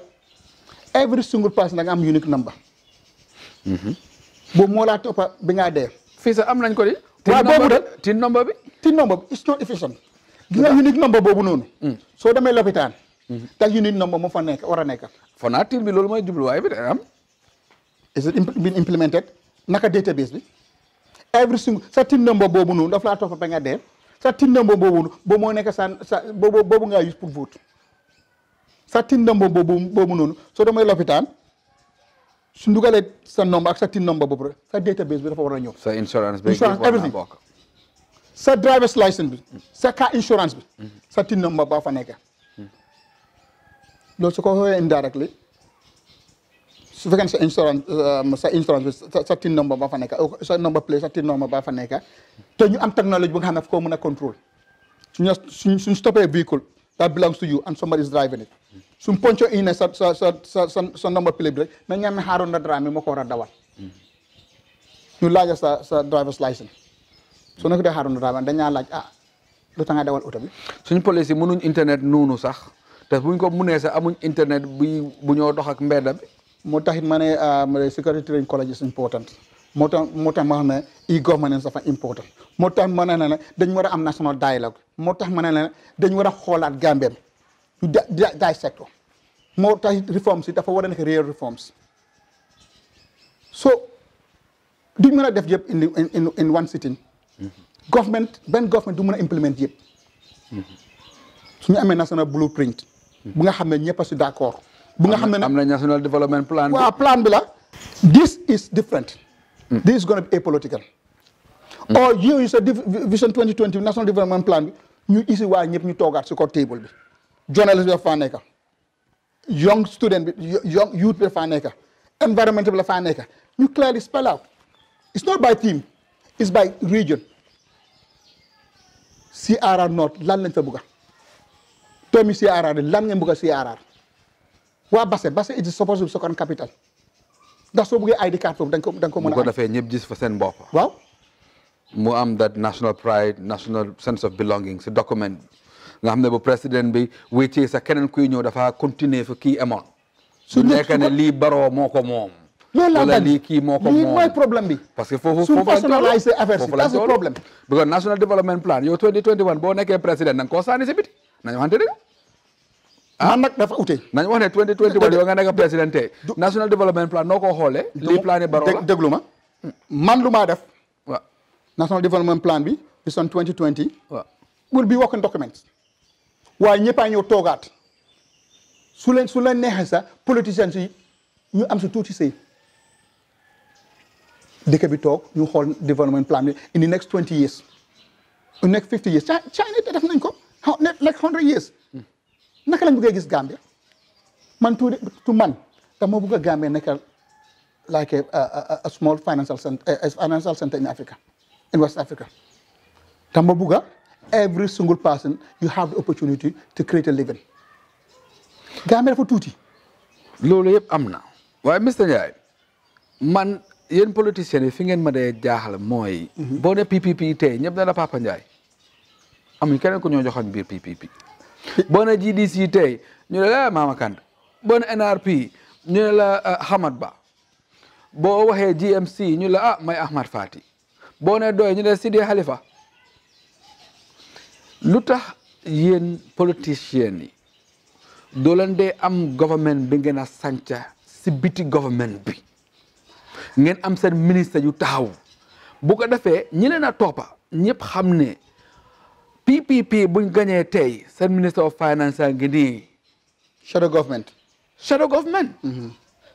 every single person da nga am unique number. Mm-hmm. boobu moo laa toppa bi ngaa dee. fii sax am nañ ko di. waaw boobu de tin nombre bi tin nombre bi it's not efficient. gis nga unique number boobu noonu. Hmm. soo demee loppitaan hmm. tag unique number moo fa nekk war a nekk. Fonatir bi loolu mooy jubluwaay bi day am. is it been implemented naka database bi. every single sa TIN number boobu noonu daf laa topp ba nga dee sa TIN number boobu noonu moo nekk sa sa boobu boobu ngaa pour vote sa TIN boobu boobu noonu soo demee loppitaan su ndugalee sa nombre ak sa TIN number boobu rek sa database bi dafa war a ñëw. sa insurance sa driver's license bi sa car insurance bi sa tin number ba fa nekk loolu su ko xoolee indirectly su fekkee sa insurance um, sa insurance bi sa tin number ba fa nekk oh, sa number plate sa tin number fa nekk te ñu am technologie bu nga xam ne koo mën a su suñu suñ suñ stoppé véhicule that belongs to you and somebody is driving it suñ ponco ine sa sa sa sa sa number plate bi rek mais ñaame xaaroon na drame moo ko war a dawal ñu laaja sa sa driver's license Ah, suñu ko de no raban dañ la laaj ah lu ta nga dawal auto bi suñu police mënuñ internet nunu sax te buñ ko mëne sa amuñ internet bu buño dox ak mbéda bi taxit mané euh ah, security lañ college suñu important motax motax ma xamne e governance dafa important motax mané na dañ wara am national dialogue motax mané na dañ wara xolaat gambem day dissect motax reforms dafa wara nek real reforms so di mëna def yépp in in in one sitting government benn government du mën a implémenter yëpp. suñu amee national blueprint bu nga xam ne ñëpp a si d' accord. bu nga xam ne am na national development plan. waaw plan bi la. this is different. Hmm. this is gonna be apolitical. Hmm. or yow yu sa vision 2020 national development plan bi ñu isi waa ñëpp ñu toogaat si ko table bi. journaliste bi dafa faa nekk young student bi young youth bi dafa faa nekk environment bi la faa nekk ñu clear this it's not by team. is by region CRR North lan lañ fa bëgg a doomi CRR de lan ngeen bëgg a CRR waa Basse Basse it is supposed to second capital ndax soo bëggee ID card foofu da nga ko mën ko defee ñëpp gis fa seen bopp. waaw. mu am that national pride national sense of belonging si document nga xam ne bu président bi wéccee sa keneen kuy ñëw dafa continuer fa kii amoon. su nekk ne lii baroo moo ko moom. loolu laa bëgg lii kii moo ko moom lii problème bi. parce que foofu foofu la ñu toll affaire si c'est problème. parce national development plan yow boo nekkee président na nga koo sànni si biti nañu waxante dëgg. ah man nag dafa ute. ne 2021 yow nga nekk président tey. national development plan noo ko xoolee. lii plan yi baro ma man lu maa def. waaw national development plan bi. vision 2020. waaw pour bi working document. waaye ñëpp a ñëw toogaat. su leen su leen neexee sax politiciens yi ñu am si tuuti sëy They can be talk. ñu xool development plan in the next twenty years in next fifty years China doesn't come. like hundred years naka lañ bëgg gis Gambia man tuuti tu man dama bëgg a Gambia nekk like a, a, a small financial center, a financial center in Africa, in West Africa. Tambabuga, every single person, you have the opportunity to create a living. Gambia for tutti. Lolo yep amna. Why, Mr. Njai, man yéen politiciens yi fi ngeen ma dee jaaxal mooy. Mhm. boo ne PPP tey ñëpp ne la Papa Ndiaye amuñ keneen ku ñoo joxoon biir PPP. boo ne GDC tey ñu ne la Mama Kand boo NRP ñu ne la uh, Hamad Ba boo waxee GMC ñu la ah may Ahmad boo ne doy ñu ne Sidi Khalifa lu tax yéen politiciens yi doo leen am government bi ngeen a sànca si biti government bi. ngeen am seen ministre yu taxaw bu ko defee ñi leen a toppa ñëpp xam ne PPP buñ gañee tey seen ministre of finance ngi nii shadow government shadow government mm-hmm.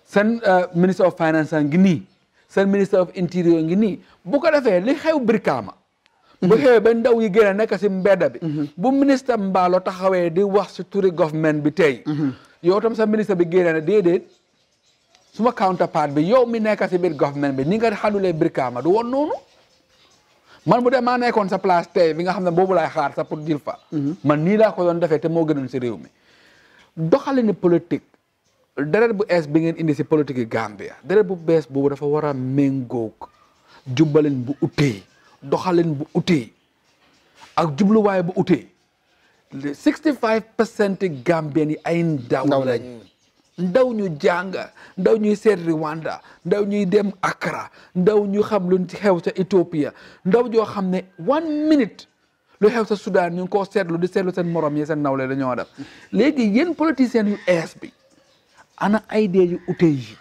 seen uh, ministre of nii seen ministre of interior ngi nii bu ko defee li xew Brikama mm-hmm. bu xewee be ndaw yi gën a nekk si mbedda bi mm-hmm. bu ministre Mballo taxawee di wax si turi government bi tey yow tam sa ministre bi génne ne déedéet suma counterpart bi yow mi nekk si biir government bi ni nga xanulee Brikama du woon noonu man bu dee maa nekkoon sa place tey bi nga xam ne boobu laay xaar sa pour dil fa mhm. man nii laa ko doon defee te moo gënoon si réew mi doxali ni politique deret bu ees bi ngeen indi si politique yi Gambia deret bu bees boobu dafa war a méngoog jubbalin bu utee doxalin bu utee ak jubluwaay bu utee 65 percent Gambien yi ay ndaw lañ ndaw ñu jàng ndaw ñuy seet Rwanda ndaw ñuy dem Accra ndaw ñu xam lu ci xew sa Ethiopia ndaw joo xam ne one minute lu xew sa Soudan ñu ngi koo seetlu di seetlu seen morom yi seen nawle dañoo def léegi yéen politiciens yu ees bi ana ay dee yu ute yi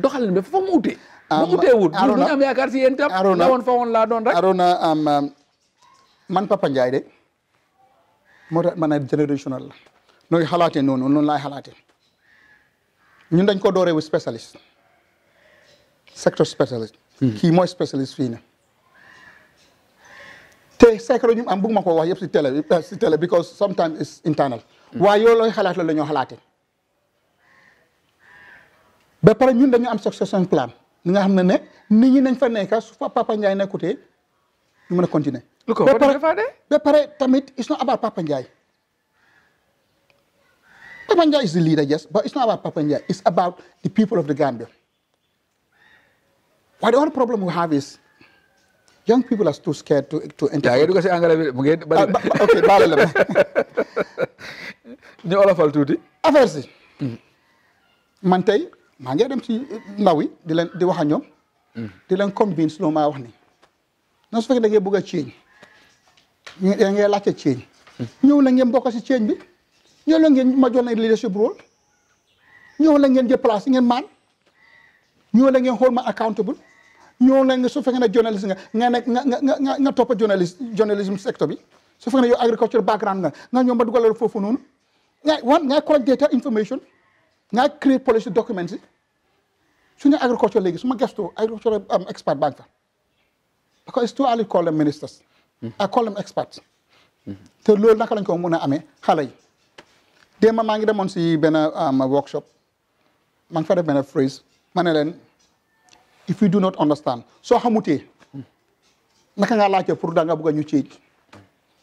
doxalin bi fa mu ute. mu utee wut ñu am yaakaar si yéen tam. laa doon rek. Arona man Papa Ndiaye de moo tax man générationnel la nooy xalaatee noonu noonu laay xalaatee. ñun dañ ko dooree wu spécialiste secteur spécialiste. Hmm. kii mooy spécialiste fii ne te secret ñu am bugg ma ko wax yëpp si télé bi eh, si télé because sometimes it's internal. Hmm. waaye yoo looy xalaat la la ñoo xalaatee. pare ñun dañu am succession plan ni nga xam ne ne nit ñi nañ fa nekk su fa Papa Ndiaye nekkutee ñu mën a continuer. lu ko ba pare tamit it's not about Papa Ndiaye. Papa Njai is the leader, yes, but it's not about Papa Njai. It's about the people of the Gambia. Why the only problem we have is young people are too scared to enter. yaa ngi ah, ok baale la ma. ñu olofal tuuti. affaire man tey maa ngi dem si ndaw yi di len di wax ak ñoom. di leen convince loo wax ni na su fekkee da ngay bëgg a ceeñ. ñu da ngay laajte ñoo la ngeen ma jox la leadership role ñoo la ngeen déplacé ngeen maan ñoo la ngeen xool ma accountable ñoo la ngeen su fekkee ne journaliste nga nga ne nga nga nga nga topp journaliste journalisme secteur bi su fekkee ne yow agriculture background nga nga ñoom ma dugalal foofu noonu ngay wan ngay collect data information ngay create policy documents yi su ñu agriculture léegi su ma gëstu agriculture am expert banque fa because it's too early call them ministers. Mm-hmm. I call them te loolu naka lañ ko mën a amee xale yi. démb maa ngi demoon si benn um, workshop maa ngi fa def benn phrase ma ne leen if you do not understand soo xamutee naka ngaa laajte pour danga nga ñu change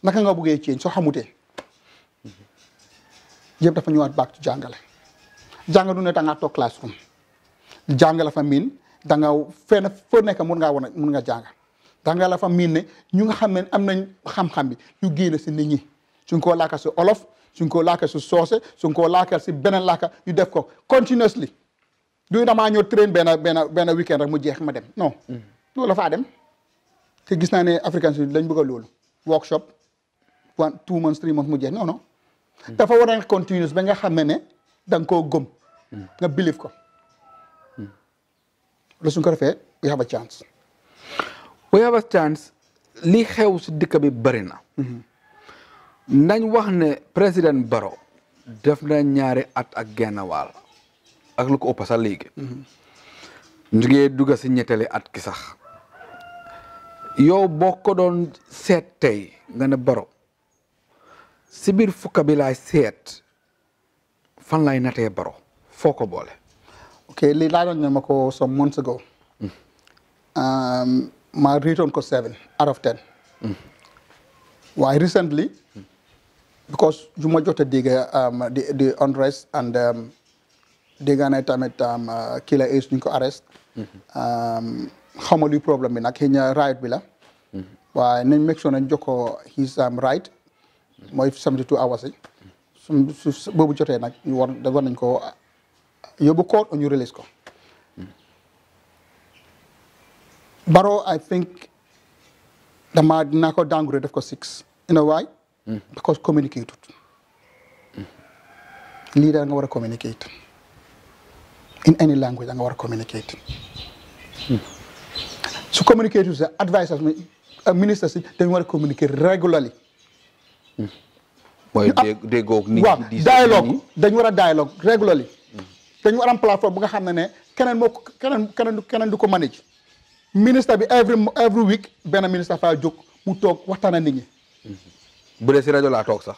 naka nga buggee change soo xamutee yëpp dafa ñëwaat back jàngale jànga ne da ngaa toog classroom jàng la fa miin da nga fenn foo nekk mun nga jàng da nga la fa ñu nga xam ne am nañ xam-xam bi ñu génn si nit ñi suñ ko laaka si olof suñ koo laaka si soose suñ koo laaka si beneen laaka yu def ko continuously du damaa ñëw train benn benn benn weekend rek mu jeex ma dem non mm. loolu la dem te gis naa ne african si lañ bëgg a loolu workshop one two months three months mu jeex non non mm. dafa war a continuous ba nga xam ne ne da nga koo gëm mm. nga believe ko loolu suñ ko defee we have a chance we have a chance li xew si dëkk bi bëri na mm-hmm. nañ wax ne président Barrow def na ñaari at ak genn wàll ak lu ko ëpp sax léegi mm-hmm. ñu si ñettali at ki sax yow boo ko doon seet tey nga ne Barrow si biir fukka bi laay seet fan laay natee Barrow foo ko boole ok lii laa ma ko some months ago mm. um, ma riitoon ko seven out of ten mm. waaye recently mm. because yu ma jot a dégg di di unrest tamit Killa Ace ñu ko arrest. xawma luy problème bi nag xëy na right bi la. waaye nañ make sure nañ jokkoo his um, right. mooy seventy two hours yi. su su boobu jotee nag ñu war nañ ko yóbbu koor ñu release ko. Barrow I think dama dinaa ko downgrade def ko six. you know Mm. because communicate ut lii daal nga war a communicate in any language nga war a communicate mm. su communicate ut sa advisers uh, ministers yi dañu war a communicate regularly mooy déggoog nit waaw dialogue dañu war a dialogue regularly mm. dañ war am plateforme bu nga xam ne ne keneen moo keneen keneen keneen du ko manage ministre bi every every week benn ministre faa jóg mu toog waxtaan ak nit bu dee si rajo laa toog sax.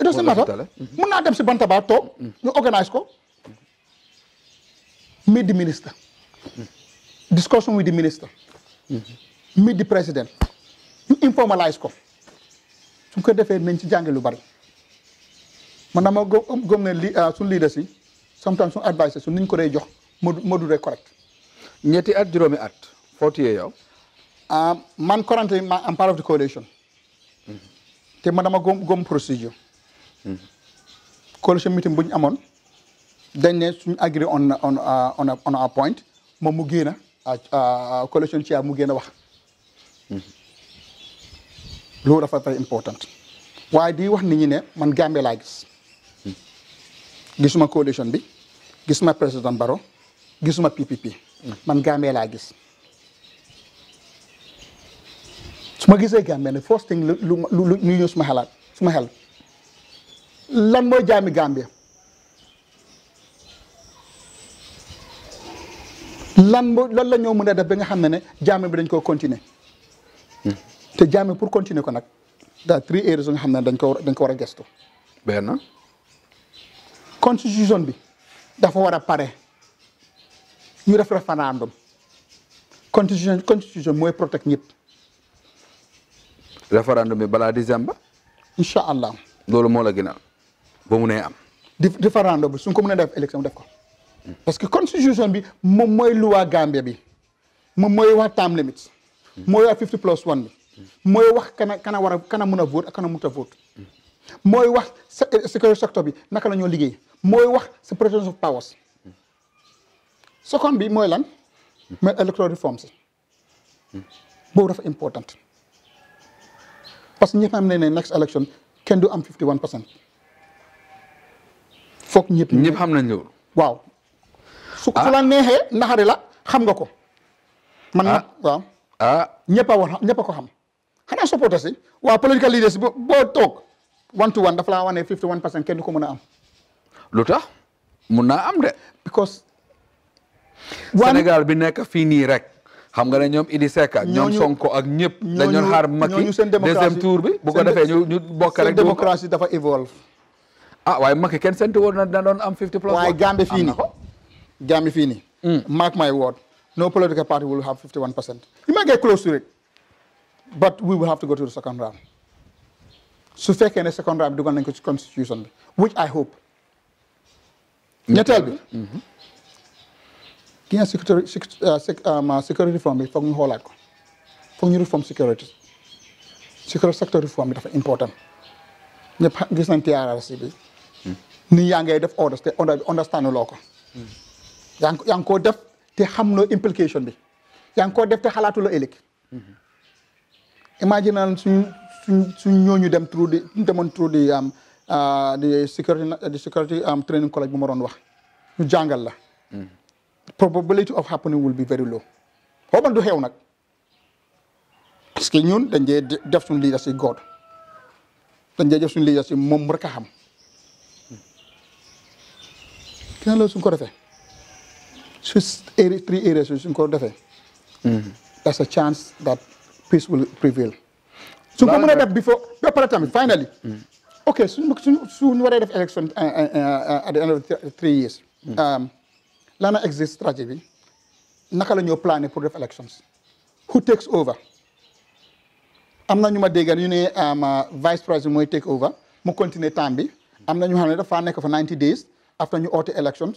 it doesn't matter mun naa dem si Bantaba toog. ñu organise ko. meet the minister. discussion with the minister. meet president. ñu informalise ko. suñ ko defee nañ ci jànge lu bari. man dama gëm gëm ne li ah, suñ leaders yi sometimes suñ advice suñ niñ ko dee jox moo moo du dee correct. ñetti at juróomi at. foo tiyee yow. Ah, man currently ma am part of the coalition. te man ma gom gom procédure. coalition meeting bu ñu amoon dañ ne suñu agree on on a point moom mu génn a ah, ah, coalition ci mu génn wax. loolu dafa très important waaye di wax nit ñi ne man Gambie laa gis. gisuma coalition bi gisuma président Barrow gisuma PPP. man Gambie laa gis. su ma gisee Gambia ne first thing lu lu lu ñu ñëw suma xalaat suma xel lan mooy jaami Gambia lan moo lan la ñoo mën a def ba nga xam ne ne jaami bi dañ koo continuer hmm. te jaami pour continuer ko nag daa three areas nga xam ne dañ ko war dañ ko war a gestu benn constitution bi dafa war a pare ñu def référendum constitution constitution mooy protect ñëpp référendum bi balaa décembre. incha allah. loolu moo la gënal ba mu nee am. di référendum bi suñ ko mën a def élection def ko. parce que constitution bi moom mooy loi Gambie bi moom mooy wax term limit. mooy wax mooy wax kana kana war a kana mun a vote ak kana mun a vote. mooy wax security sector bi naka la ñoo liggéey mooy wax separation of powers. second bi mooy lan. mais electoral reforms. boobu dafa important. parce que ñi xam ne ne next election kenn du am 51 pour cent foog ñëpp. ñëpp xam nañ loolu. waaw. su ah. su la neexee naxari xam nga ko. man ah. nag waaw. Ah. ñëpp a ko xam. xanaa supporter si waaw political leaders boo boo toog one to one laa wane 51 pour cent kenn du ko mën a am. lu tax mun naa am de. because. Sénégal bi nekk fii nii rek. xam nga ne ñoom Idi Seck ñoom Sonko ak ñëpp dañoon xaar Macky deuxième tour bi bu ko defee ñu ñu bokk rek seen démocratie dafa évolve ah waaye Macky kenn seentu woon na doon am 50 plus waaye Gambie fii nii Gambie hmm. fii nii mark my word no political party will have 51 percent you might get close to it but we will have to go to the second round su fekkee ne second round bi dugal nañ ko ci constitution bi which I hope ñetteel bi hmm. Guinea security, uh, um, uh, security reform bi foog ñu xoolaat ko ñu reform security security sector reform bi dafa important ñëpp gis nañ ci bi. Hmm. ni ya ngay def orders te understand loko Yang yang ko hmm. def te xam implication bi yang ko def te xalatu lo ëllëg. Hmm. imagine suñ suñ suñ ñoñu dem through di demon through di am di security di security am um, training college bu ma ron wax ñu jangal la. probability of happening will be very low xaw ma du xew nag parce que ñun dañ dee def suñu leader si God dañ dee def suñu leader si moom rek a xam kenn loolu suñ ko defee su three areas yi suñ ko defee mm-hmm. that's a chance that peace will prevail su ko mën a def before ba pare tamit finally mm-hmm. ok suñ suñ waree def élection uh, uh, uh, at the end of three years mm-hmm. um, lana exit strategy bi naka la ñoo plané pour def elections who takes over am na ñu ma déggal ñu ne um, vice president mooy take over mu continuer temps bi am na ñu xam ne dafa nekk fa 90 days after ñu oote elections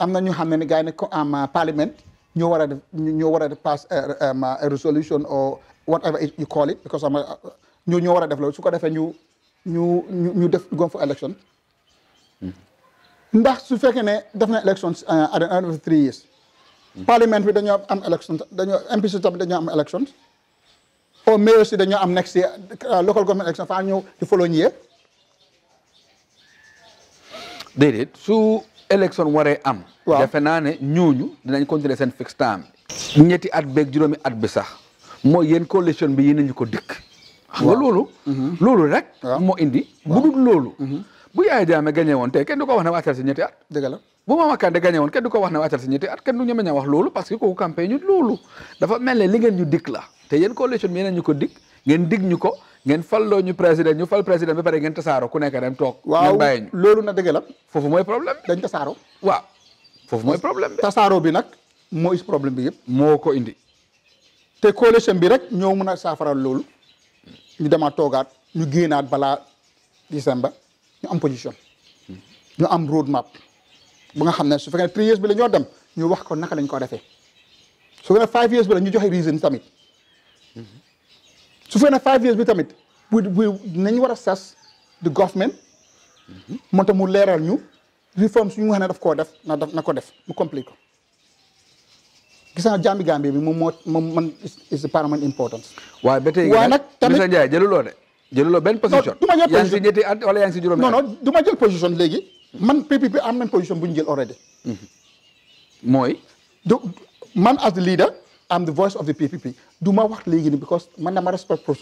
am na ñu xam ne gars yi ne ko am um, parliament ñoo war a def ñoo war a pass uh, um, a resolution or whatever you call it because am uh, ñoo ñoo war a def su ko defee ñu ñu ñu def go for election hmm. ndax su fekkee ne def na élection euh, at the end of three hmm. parliament bi dañoo am élection dañoo MPC tamit dañoo am élection au maire si dañoo am next year euh, local government election faa ñëw di following year su élection waree am defe naa ne ñooñu dinañ continuer seen fixed term ñetti at beeg juróomi at bi sax mooy yéen coalition bi yéen nañu ko dikk xam nga loolu mm-hmm. loolu rek moo indi bu dul loolu mm-hmm. bu yaay jaame gagné woon tey kenn du ko wax ne wàccal si ñetti at dëgg la bu Mama Kandeh gagné woon kenn du ko wax ne wàccal si ñetti at kenn du ñeme ña wax loolu parce que kooku campagne ñu loolu dafa mel ne ngeen ñu dik la te yéen coalition bi yéen ñu ko dik ngeen dig ñu ko ngeen falloo ñu président ñu fal président ba pare ngeen tasaaro ku nekk dem toog waaw bàyyi ñu loolu na dëgg la foofu mooy problème bi dañ tasaaro waaw foofu mooy problème bi tasaaro bi nag mooy problème bi yëpp moo ko indi te coalition bi rek ñoo mun a saafaral loolu ñu dema toogaat ñu génnaat balaa décembre ñu am position ñu am road map ba nga xam ne su fekkee ne three years bi la dem ñu wax ko naka lañ ko defee su fekkee ne five years bi la ñu joxe reason tamit su fekkee ne five years bi tamit bu bu nañ war a sas di government moo tax mu leeral ñu réforme suñu wax ne daf koo def na def na ko def mu complete ko gis naa jàmbi Gambie bi moom moo moom man is the paramount importance waaye ba tey waaye nag tamit Mr Njie jëluloo jëluloo benn position. du ma jël position yaa ngi si man PPP am nañ position bu ñu jël already. Mhm. mooy. du man as the leader. am the voice of the PPP du ma wax léegi ni because man na dama respect uh,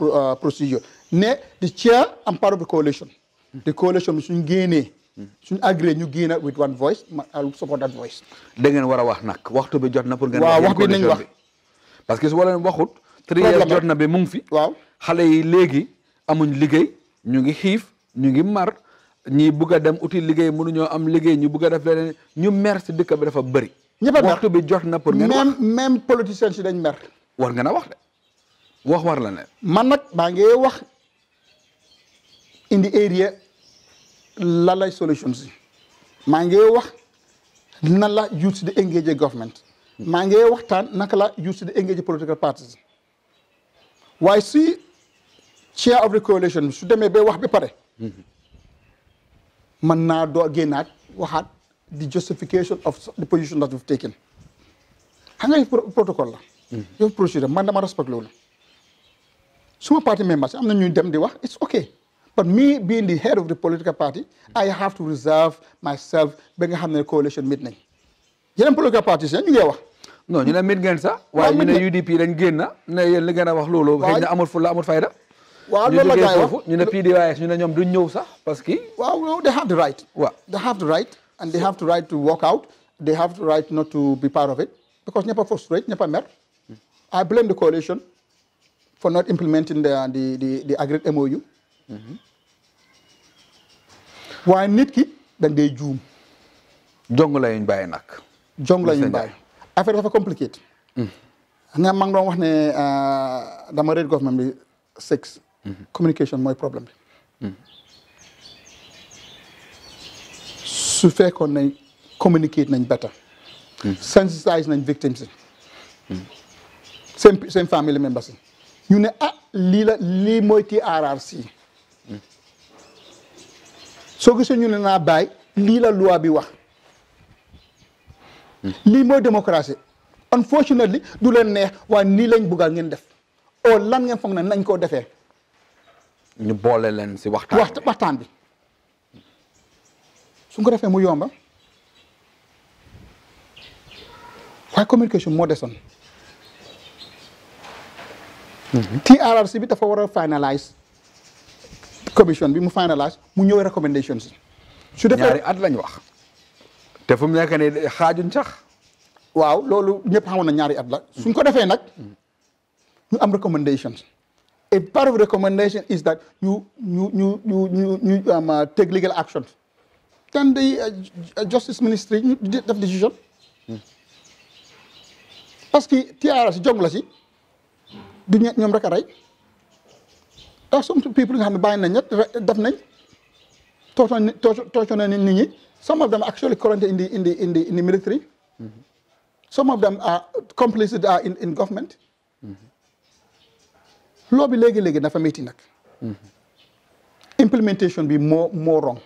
uh, procedure ne the chair am part of the coalition. Mhm. the coalition bi suñ génnee. Mhm. suñ agree ñu génn with one voice ma I'll support that voice. da ngeen war a wax nag waxtu bi jot na. pour ngeen wax waxtu bi nañ wax parce que su wala waxut. trois heures jot na be mu fi waaw xale yi léegi amuñ liggéey ñu ngi xiif ñu ngi mar ñi bugg a dem uti liggéey mënuñoo am liggéey ñu bugg a def leneen ñu mer si dëkk bi dafa bëri ñëpp waxtu bi jot na pour ngeen wax même même politicien dañ mer war nga na wax de wax war la ne man nag maa ngi wax indi area la lay solution si maa ngi wax nan la youth di engage government hmm. maa ngi waxtaan naka la youth di engage political parties waaye si chair of the coalition su demee ba wax ba pare mën naa doo génnaat waxaat the justification of the position that we've taken xam nga protocole la mm-hmm. yow procédure man dama respect loolu suma party members am na ñu dem di wax it's okay but me being the head of the political party I have to reserve myself ba nga xam ne coalition mit nañ yeneen political parties ñu ngi wax non ñu ne mit ngeen sax waaye ñu ne UDP dañ génn ne yéen li ngeen a wax loolu xëy na amul fulla amul fayda waaw loolu la gars ñu ne ñoom duñ ñëw sax parce que waaw they have the right they have the right and they have the right to walk out they have the right not to be part of it because ñëpp a frustrate ñëpp a mer I blame the coalition for not implementing the the the, the agreed MOU mm-hmm. waaye nit ki dañ dee juum jong la ñu bàyyi nag jong la ñu affaire dafa compliqué. Hmm. nga maa wax ne euh, dama réer government bi six. Hmm. communication mooy problème bi. Hmm. su fekkoon nañ communicate nañ better. sensitise nañ victims yi. seen seen family members yi ñu ne ah lii la lii mooy TRRC. soo gisee ñu ne naa bàyyi lii la loi bi wax. limo moy démocratie unfortunately du len neex wa ni lañ buggal ngeen def o oh, lan ngeen fogné nañ ko défé ñu bolé len ci waxtaan bi su ko défé mu yomba communication moo mhm. ti arrc bi dafa wara finalize commission bi mu finalize mu ñëw recommendations su defee at lañ wax te fu mu nekk nii xaajuñ sax. waaw loolu ñëpp xamoon na ñaari at la. suñ ko defee nag ñu am recommendations. et part of recommendation is that ñu ñu ñu ñu ñu ñu am um, uh, take legal action. then the uh, justice ministry ñu def décision. parce que tiara si jong la si ñoom rek a rey. ndax some people nga xam ne bàyyi nañ ñett def nañ. torture torture na nit ñi some of them actually currently in the in the in the in the military mm-hmm. some of them are complicit in government mm-hmm. loo bi léegi-léegi dafa métti nag mm-hmm. implementation bi moo moo wrong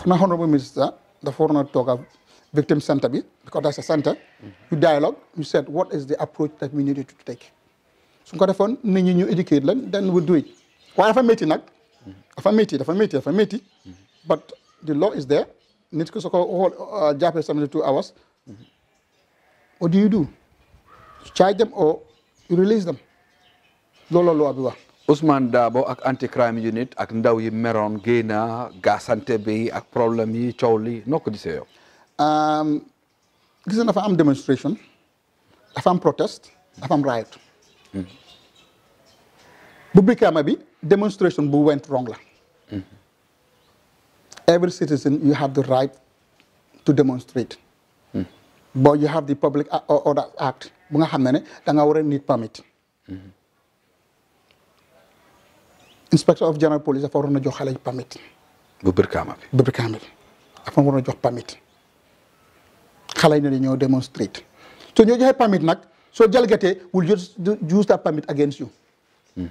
former honorable minister dafa waroon a toog a victim center bi because that's a center you dialogue you said what is the approach that we needed to take su ko defoon nit ñi ñu educate lan then we do it waaye dafa métti nag dafa métti dafa métti dafa métti but the law is there nit ku soo ko xool uh, jàppee seventy two hours what do you do charge them or you release them looloo loi bi Usman Dabo ak anti crime unit ak ndaw yi meroon génna gaasante bi ak problème yi coow li noo Um, gisee yow um, am demonstration dafa protest dafa am riot mm-hmm. bu Brikama bi demonstration bu went wrong la. every citizen you have the right to demonstrate. but you have the public order act bu nga xam ne ne da nga war a need permit. inspector of general police dafa a jox xale permit. bu a jox permit. xale yi ne ñoo demonstrate so ñoo joxe permit nag soo jalgatee will use that permit against you.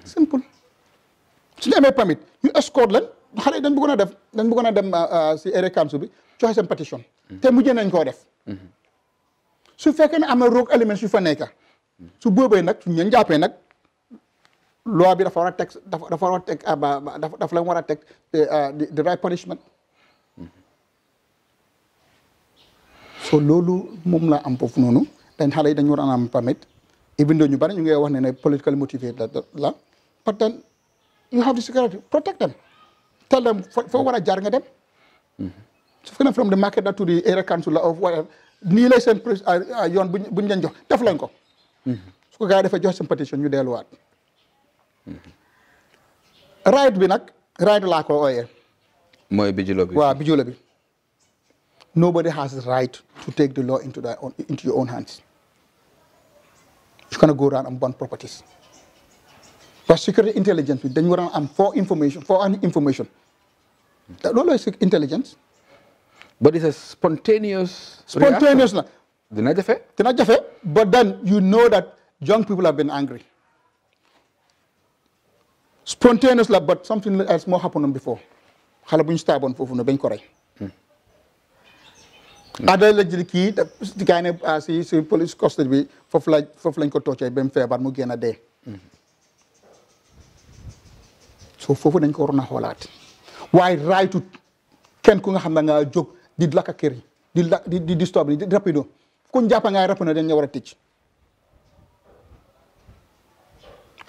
simple su ñu amee permit ñu escort leen xale dañ bëggoon a def dañ bëggoon a dem euh, euh, si area council bi joxe seen pétition te mujjee nañ koo def su fekkee ne am na rogue elements fa nekka su boobee nag suñ leen jàppee nag loi bi dafa war a teg dafa dafa war a ah, war a teg the euh, right punishment so loolu moom la am foofu noonu dañ xale yi dañu war a am permit di bindoo ñu bari ñu ngi wax ne ne politically motivated la la but then you have the security protect them tell them foo war a jaar nga dem mm-hmm. su fekkee ne from the market to the area council of whatever nii lay seen ah, ah, yoon buñ buñ leen jox def lañ ko mm-hmm. su ko gars yi dafay jox seen ñu delluwaat mm-hmm. right bi nag right laa ko ooyee mooy bijilo bi waaw bijilo bi nobody has right to take the law into your own hands is going to go around and burn properties. But security intelligence, then you run for information, for an information. That all is intelligence. But it's a spontaneous. Spontaneous. Dina jafe? Dina jafe. But then you know that young people have been angry. Spontaneous, but something else more happened than before. Xale bu ñu staaboon foofu na bañ ko rey. ah da la jël kii di gaa ah, si police custody bi foofu la foofu lañ ko toocee ba mu feebar mu génn a dee. so foofu dañ ko waroon a xoolaat waaye raaytu kenn ku nga xam ne nga jóg di lakka kër yi di la di di disturb di rapido ku ñu jàpp nga rapido dañ nga war a tëj.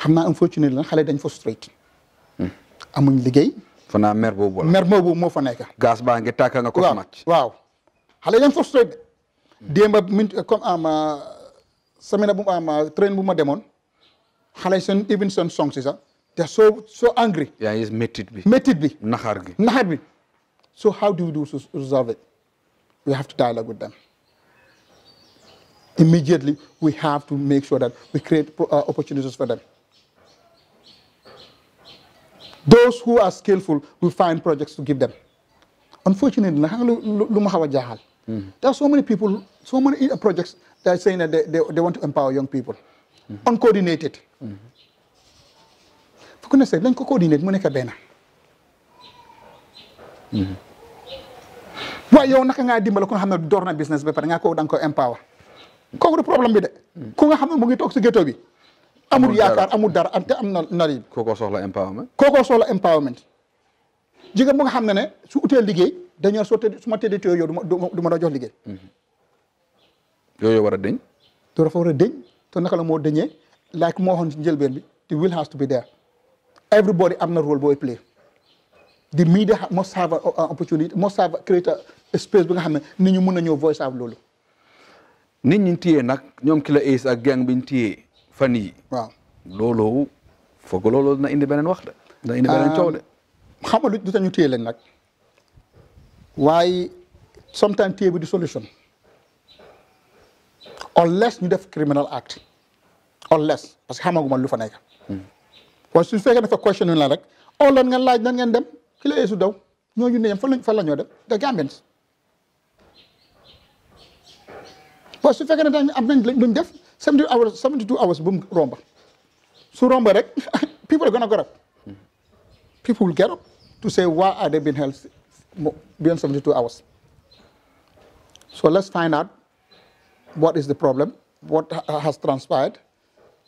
xam naa unfortunately la xale dañ fa straight. Hmm. amuñ liggéey. fanaa mer boobu la mer moo fa nekk. gaz baa ngi tàkk nga ko. waaw waaw. xale yaa ngi frustré de. démb min comme am semaine bu am train bu ma demoon xale seen even seen song si sax te soo angry. yaa ngi métit bi métit bi. naxaar gi naxaar bi. so how do we do to resolve it? We have to dialogue with them. Immediately, we have to make sure that we create uh, opportunities for them. Those who are skillful, we find projects to give them. Unfortunately, There are so many people, so many projects that are na that they, they, they want to empower young people. Uncoordinated. For goodness sake, let's coordinate. Money kabena. waaye yow naka ngaa dimbal ku nga xam ne door na business ba pare nga ko da nga ko empower kooku du problème bi de ku nga xam ne mu ngi toog si ghetto bi amul yaakaar dara am te am na nari kookoo soxla empowerment kookoo soxla empowerment jigéen bu nga xam ne ne su utee liggéey dañoo soo tëdd su ma tëddee yow du ma du ma la jox mhm. yooyu war a dëñ. te dafa war a dëñ te naka la moo dëñee like moo waxoon ci njëlbeen bi the will has to be there everybody am na rôle booy play the media must have an opportunity must have create a space bi nga xam ne nit ñu mun a ñëw voice out loolu. nit ñi téye nag ñoom Killa Ace ak gang bi ñu téye fan yi waaw loolu foog na indi beneen wax de. na indi beneen coow de. xam nga lu tax ñu téye leen nag. waaye sometimes table di solution unless ñu def criminal act unless parce que xamaguma lu fa nekk waaye su fekkee dafa question la rek online oh, nga laaj nan ngeen dem ki la eesu daw ñooñu ne fan lañ fan la ñoo dem the Gambians waaye su fekkee ne dañ am nañ luñ def seventy hours seventy two hours bu mu romba su romba rek people are gonna get up people will get up to say why are they being held beyond 72 hours. So let's find out what is the problem, what has transpired.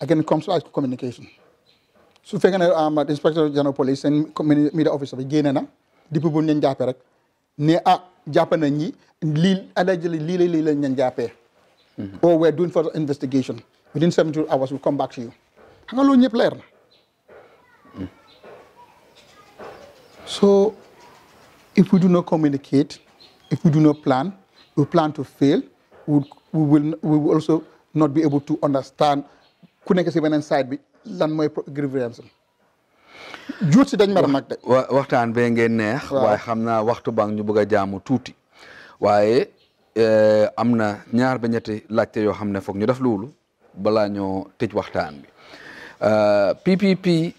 Again, it comes to communication. su fekkee i am um, Inspector général police and media officer again. the na depuis bu ñu jàppee ah, allegedly lii mm-hmm. or we are doing further investigation within seventy two hours we will come back to you xam nga loolu ñëpp mm. so If we do not communicate, if we do not plan, we plan to fail. We, we, will, we will also not be able to understand ku nekk si beneen side bi lan mooy grievance juut si dañ mar nag de waxtaan bee ngeen neex waaye xam naa waxtu bang ñu bëgg a jaamu tuuti waaye eh, am na ñaar ba ñetti laajte yoo xam ne foog ñu def loolu balaa ñoo tëj waxtaan bi PPP eh,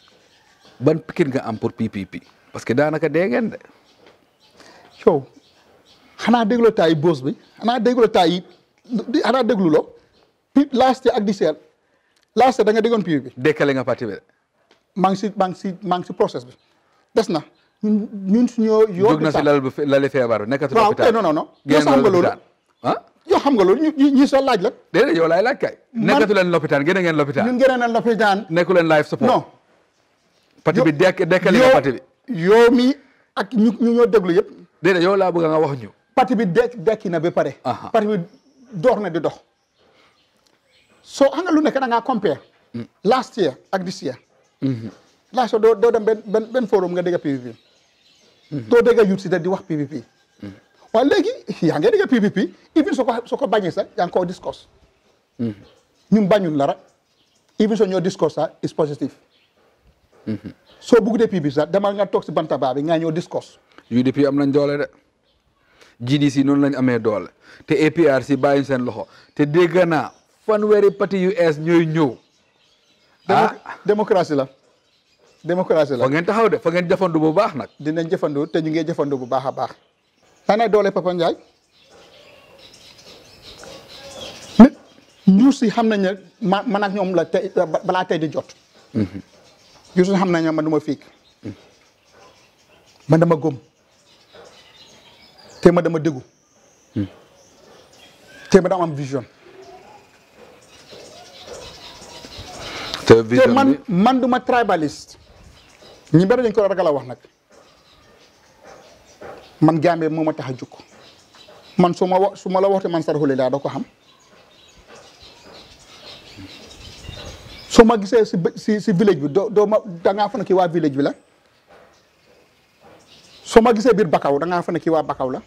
ban pikir nga am pour PPP parce que daanaka dee ngeen de coow xanaa dégloo taay yi boos bi xanaa dégloo taay yi xanaa déglu loo pi laaste ak di seer laaste da nga déggoon piir bi. décalé nga bi de. maa si maa si maa ngi si process bi des na ñun suñoo. yoo jóg na si lal bu fe lali feebar nekkatul hôpital waaw eh, non non non. yoo xam nga loolu ah. yoo xam nga loolu ñu ñu soo laaj la. déedéet yow laay laaj kay. man nekkatu leen lopitaan génne ngeen lopitaan. ñun génne na lopitaan. nekku leen life support non. parti bi ak ñu ñoo déglu yëpp. déedéet yow la bëgg nga wax ñu. parti bi dekk dekk na ba paré parti bi door na di dox. so nga lu nekk da nga compare. Mm. last year ak this year. Mm-hmm. last year do doo dem ben ben forum nga dégg PPP. Mm-hmm. do dégg yu ci da di wax PPP. Mm-hmm. wa légui ya nga dégg PPP even soko soko bañé sa ya sax discuss ngi ñun bañun la rek. even so ñoo discuss ça is positive. So bugg de PPP sa demal nga ci si ba bi nga ñoo discuss UDP am nañ doole de GDC noonu lañ amee doole te APRC bàyyi seen loxo te dégg naa weeri parti yu ees ñooy ñëw. ah démocratie la. démocratie la fa ngeen taxaw de fa ngeen jëfandu bu baax nag. dinañ jëfandu te ñu ngi jëfandu bu baax a baax. ana doole Papa Ndiaye. nit si xam nañ ne ma man ak ñoom la tey balaa tey di jot. Mhm. ñu si xam nañ ne man du ma fiig mhm. man dama te ma dama déggu hmm. te dama am vision. te vision man e- man du ma tribaliste ñi bëri dañ ko ragal a wax nag man Gambie moo ma tax a jóg man su ma la waxte man Saraxule laa da ko xam. soo ma gisee si village bi do doo ma da ngaa fa ne kii waa village bi la soo ma gisee biir Bakaw da ngaa fa ne kii waa Bakaw la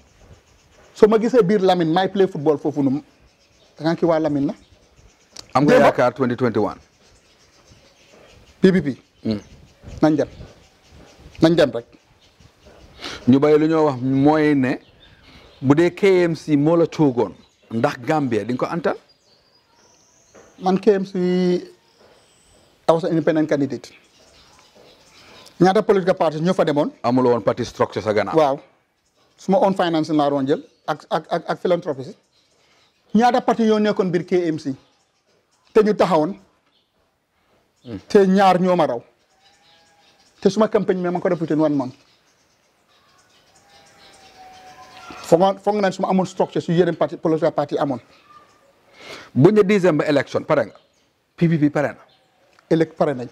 so ma gisee biir Lamine may play football fofu nu da ki wa Lamine la. am nga yakar 2021. PPP. nañ dem nañ dem rek. ñu bay lu ñoo wax moy ne bu dee KMC mo la togon ndax Gambia di nga ko antal. man KMC taw sa independent candidate. ñata political parties ñu fa demone amul won parti structure sa gannaaw. waaw suma own financing laa ron jël. ak ak ak ak philanthropie ñaata parti yoo nekkoon biir KMC te ñu taxawoon. Hmm. te ñaar ñoo ma raw. te suma campagne bi ma ko reputé one month. foog nga foog naa ne su ma amoon structure su yeneen parti political parti amoon. bu ñu dixième ba élection pare nga. PPP pare na. élec pare nañ.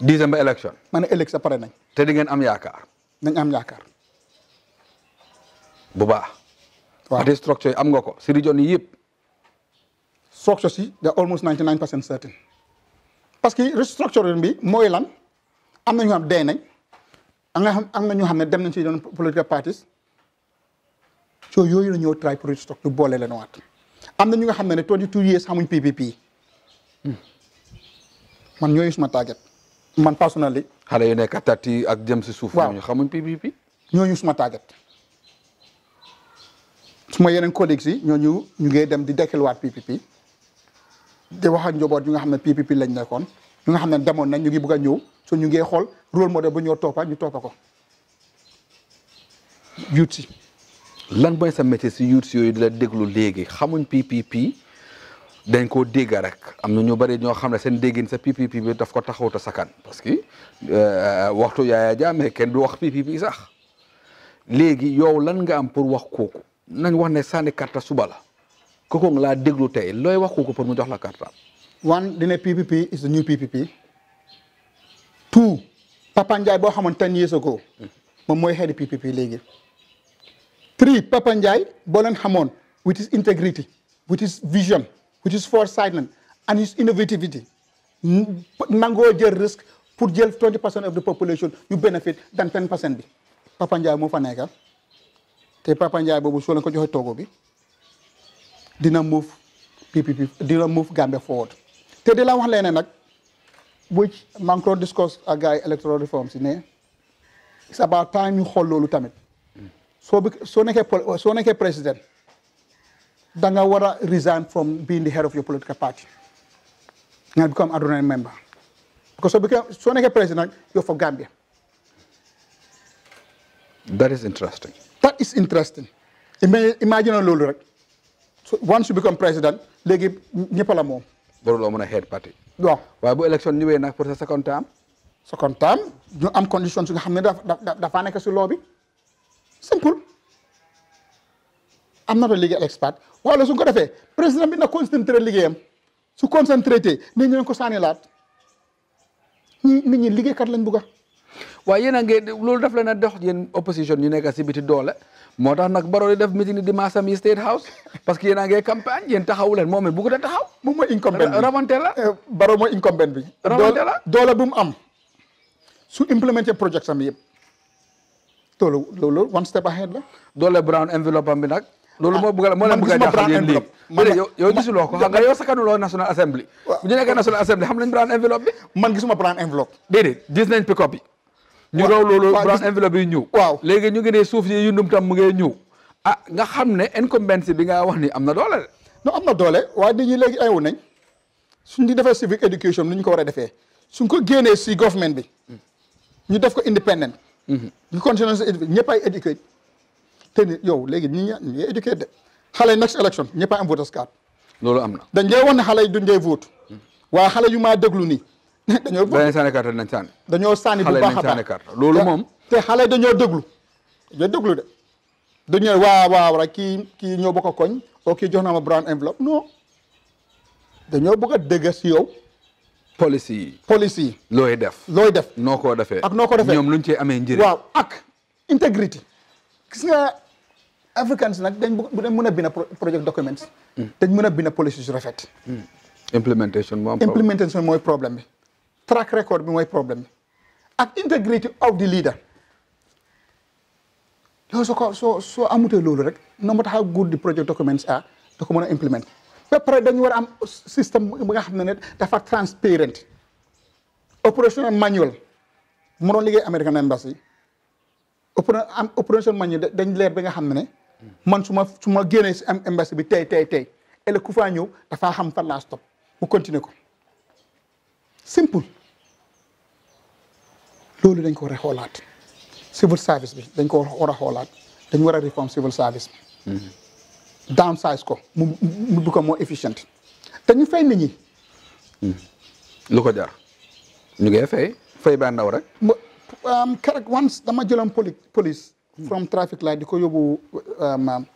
dixième ba ma ne élec sa pare nañ. te di ngeen am yaakaar. nañ am yaakaar. waaw des structure yi am nga ko si région yi yëpp structures yi da almost ninety nine percent certain parce que restructuring bi mooy lan am na ñu xam dee nañ am nga xam am na ñu xam ne dem nañ si doon political parties so yooyu la ñoo try pour restructure boole leen waat am na ñu nga xam ne ne twenty two years xamuñ PPP man ñooyu suma target man personnellement. xale yu nekk atati ak jëm si suuf. waaw ñooñu xamuñ PPP. ñooñu suma target. suma yeneen collègues yi ñooñu ñu ngi dem di dekkelwaat PPP di wax ak njaboot ñu nga xam ne PPP lañ nekkoon ñu nga xam ne demoon nañ ñu ngi bëgg a ñëw so ñu ngi xool rôle modèle bu ñoo toppa ñu toppa ko youth si lan mooy sa métier si youth yooyu di la déglu léegi xamuñ PPP dañ ko dégg rek am na ñu bëri ñoo xam ne seen déggin sa PPP bi daf ko taxawut a sakkan parce que euh, waxtu Yaya Jammeh kenn du wax PPP sax léegi yow lan nga am pour wax kooku nañ wax ne sànni karta suba la kooku laa déglu tey looy wax ko pour mu jox la karta one dina PPP is the new PPP two Papa Ndiaye boo xamoon ten years ago moom mooy head PPP léegi three Papa Ndiaye boo leen xamoon with his integrity with his vision with his foresight and his innovativity nangoo jël risque pour jël 20 percent of the population you benefit than 10 percent bi Papa Ndiaye fa nekka te Papa Ndiaye boobu soo leen ko joxee Togo bi dina move PPP dina move Gambia forward te di la wax leneen nag bu maa ngi ko discuss ak gars yi electoral reforms si ne it's about time ñu xool loolu tamit soo bi soo nekkee soo nekkee président da nga war a resign from being the head of your political party nga become an honorary member soo nekkee président you're for Gambia. that is interesting. that is interesting. imagine loolu rek so once you become president léegi ñëpp la moom. waruloo mën a head party. waaw waaye bu élection nag pour sa second term. second term ñu am condition su nga xam ne dafa dafa nekk si loo bi simple. am na legal expert wala su ko defee président bi na concentré liggéeyam su concentré ni nit ñi ko sànni laat nit ñi liggéeykat lañ bugg a waye yéen ngeen lolou daf leen dox yeen opposition ñu nekk ci biti doole motax nak baro Barrow def meeting di masam State House parce que yeen a ngee campagne yeen taxawu leen moom bu ko da taxaw. moom mo incumbent ramonté la. baro mo incumbent bi. Eh, doole la doole bu mu am su implementer project sam yeb tolo loolu one step ahead la. doole brown envelope am bi nak loolu mo ah, bëgg mo leen bëgg a yeen li léegi man yow yow gisuloo ko xam nga yow sakanuloo National Assembly. bu ñu nekk National Assembly xam lañu brown envelope bi. man gisuma brown envelope. déedéet gis nañ pick up bi. ñu raw loolu bras enveloppe yi ñëw waaw léegi ñu ngi ne suuf yi yundum tam mu ngay ñëw a ah, nga xam ne incumbence bi nga wax ni am na doole non am na doole waaye nit ñi léegi ayewu nañ suñ di defee civic education ni ñu ko war a defee suñ ko génnee si government bi ñu def ko independent mhm. ñu continuer sa éducation ñëpp ay éduqué te ni yow léegi ñi ña ñi de xale yi next election ñëpp ay am voters card loolu am na dañ ngay wax ne xale yi duñ ngay vote mhm. waaye xale yu maa déglu nii dañoo bëgg dañoo sànni carte nañ sànni. dañoo sànni bu baax a baax moom. te xale dañoo déglu dañoo déglu de dañu ne waaw kii kii ñoo bokk a koñ oo kii jox na ma brown enveloppe non dañoo bëgg a dégg si yow. police yi. police yi. looy def looy def. noo koo defee ak noo ko defee ñoom luñ cee amee njëriñ. waaw ak intégrité gis nga africans nag dañ dañ mën a bind project documents. Hmm. dañ mën a bind policies yu rafet. Hmm. implementation mooy problème implementation bi. track record bi mooy problème bi ak integrity of the leader loolu soo ko soo soo amutee loolu rek no matter how good the project documents are da ko mën a implement ba pare dañu war a am système bi nga xam ne ne dafa transparent operational manual mu doon liggéey American embassy am operational manual dañ leer bi nga xam ne ne man su ma su ma génnee si am embassy bi tey tey tey ëllëg ku faa ñëw dafaa xam fan laa mu continuer ko simple loolu dañ ko war a xoolaat civil service bi dañ ko war a xoolaat dañ war a réforme civil service bi mm-hmm. downsize ko mu mu du ko moo efficient te ñu fay nit ñi mm-hmm. lu ko jar ñu ngi fay fay baa ndaw rek um, keroog once dama jëlam poli police mm-hmm. from traffic light di ko yóbbu um, um,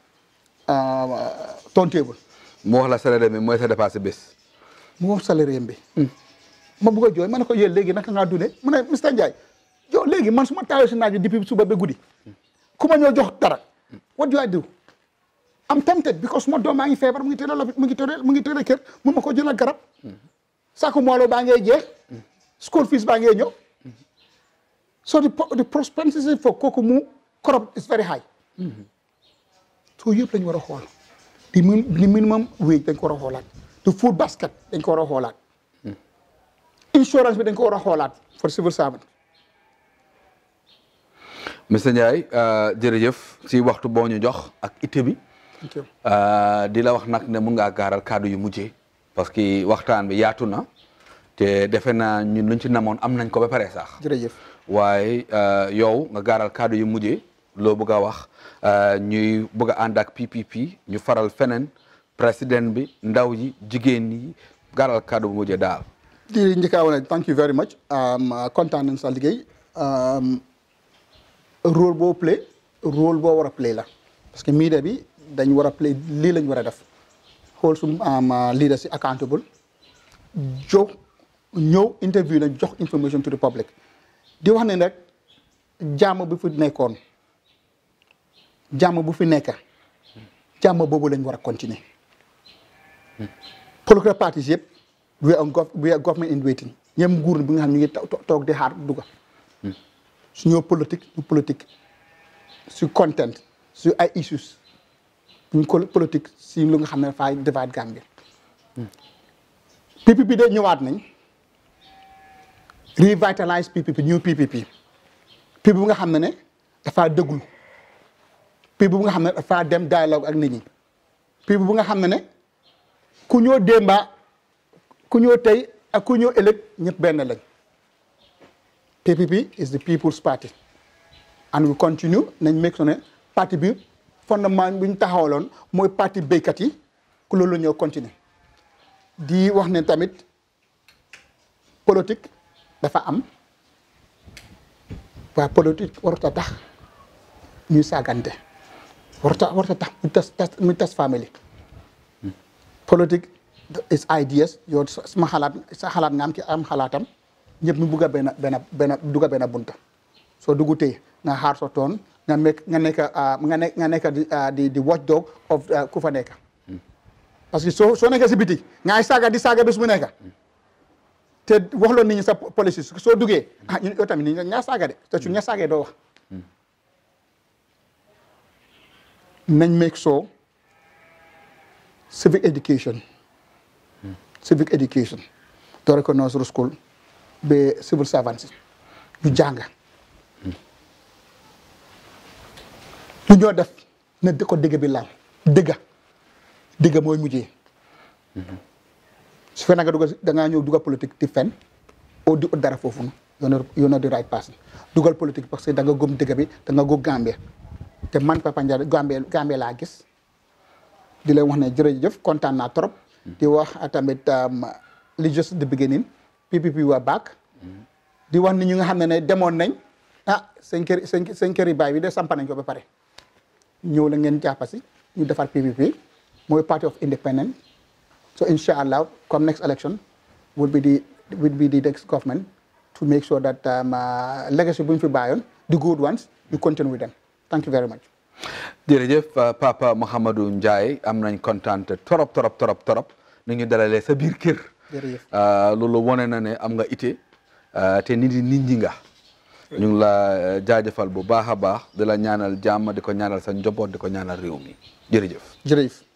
uh, tontee ba mu wax la salaire bi mooy sa dépassé bés mu wax salaire bi mm. ma bëgg a jooy ma ne ko yéen léegi naka ngaa dundee mu ne Mr Ndiaye yow léegi man suma ma taawee si naaj bi depuis suba ba guddi ku ma ñoo jox dara what do I do am tempted because suma doom maa ngi feebar mu ngi tëdd lopi mu ngi tëdd mu ngi tëdd kër mun ma ko jëlal garab saako mooloo baa ngay jeex school fees baa ngay ñëw so the the propensity for kooku mu corrupt is very high so yëpp lañ war a xool di minimum wage dañ ko war a xoolaat the food basket dañ ko war insurance bi dañ ko war a xoolaat for civil servant. monsieur Ndiaye euh, jërëjëf si waxtu boo ñu jox ak ité bi. Euh, di la wax nag ne mun ngaa gaaral kàddu yu mujjee parce que waxtaan bi yaatu na te defe naa ñun luñ ci namoon am nañ ko ba pare sax. jërëjëf waaye euh, yow nga gaaral kàddu yu mujjee loo bëgg a wax ñuy bëgg a ànd ak PPP ñu faral feneen président bi ndaw yi jigéen ñi gaaral kàddu bu mujjee daal. thank you very much content um, uh, nañ sa liggéey um, rôle boo play rôle boo war a play la parce que media bi dañ war a play lii you war a def xool su um, uh, leader accountable jox ñëw interview and jox information to the public di wax ne jamu jàmm bu fi nekkoon jàmm bu fi nekk jàmm boobu lañ war a continuer political parties yëpp we are gov we are government in waiting ñoom nguur bi nga xam ne ñu ngi toog di xaar duga suñoo politique ñu politique su content su ay issues ñu ko politique si lu nga xam ne dafay divide Gambia PPP de ñëwaat nañ revitalize PPP new PPP PPP bu nga xam ne ne dafaa déglu PPP bu nga xam ne dafaa dem dialogue ak nit ñi PPP bu nga xam ne ne ku ñoo démba ku ñëw tey ak ku ñëw ëllëg ñëpp is the people's party and we continue nañ make sure ne parti bi fondement bi ñu taxawaloon mooy parti béykat yi ku di wah ne tamit politique dafa am wa politique waruta tax ñuy saagante waruta waruta tax mu tas tas mu is ideas yow sama xalaat sa xalaat nga am ki xalaatam ñëpp ñu bugg a benn benn benn benn bunta soo duggutee nga xaar sa toon nga nekk nga nekk ah, nga nekk nga nekk di ah, di watchdog of ah, ku fa nekk parce que soo soo nekkee si biti ngay saaga di saaga bés mu nekk te waxloon nit ñi sa policy soo duggee ah ñun yow tamit nit ñaa saaga de te su ña saagee doo wax nañ make sure civic education civic education to ko school be civil servants ñu jang lu ñoo def ne ko dëgg bi la dëgg dëgg moy mujjé su fena nga dugal da nga ñew dugal politique ti fen au di dara fofu na yoona di right pass dugal politique parce que da nga gom dëgg bi da nga go gambé té man Papa Ndiaye gambé gambé la gis di lay wax né jërëjëf contane na trop di wax tamit um, li just the beginning PPP were back di wax ni ñu nga xam ne ne demoon nañ ah seen kër seen seen këri baay bi de samp nañ ko ba pare ñëw la ngeen jàppa si ñu defar PPP mooy party of independent. so insha allah comme next election will be the will be the next government to make sure that um, uh, legacy buñ fi bàyyoon the good ones you continue with them thank you very much jërëjëf uh, Papa Mouhamadou Ndiaye am nañ kontaan torop torop torop torop nu ñu dalalee sa biir kër. Ah, loolu wane na ne am nga ite ah, te nit yi nit ñi nga. ñu ngi la eh, jaajëfal bu baax a baax di la ñaanal jàmm di ko ñaanal sa njaboot ko ñaanal réew jërëjëf. jërëjëf.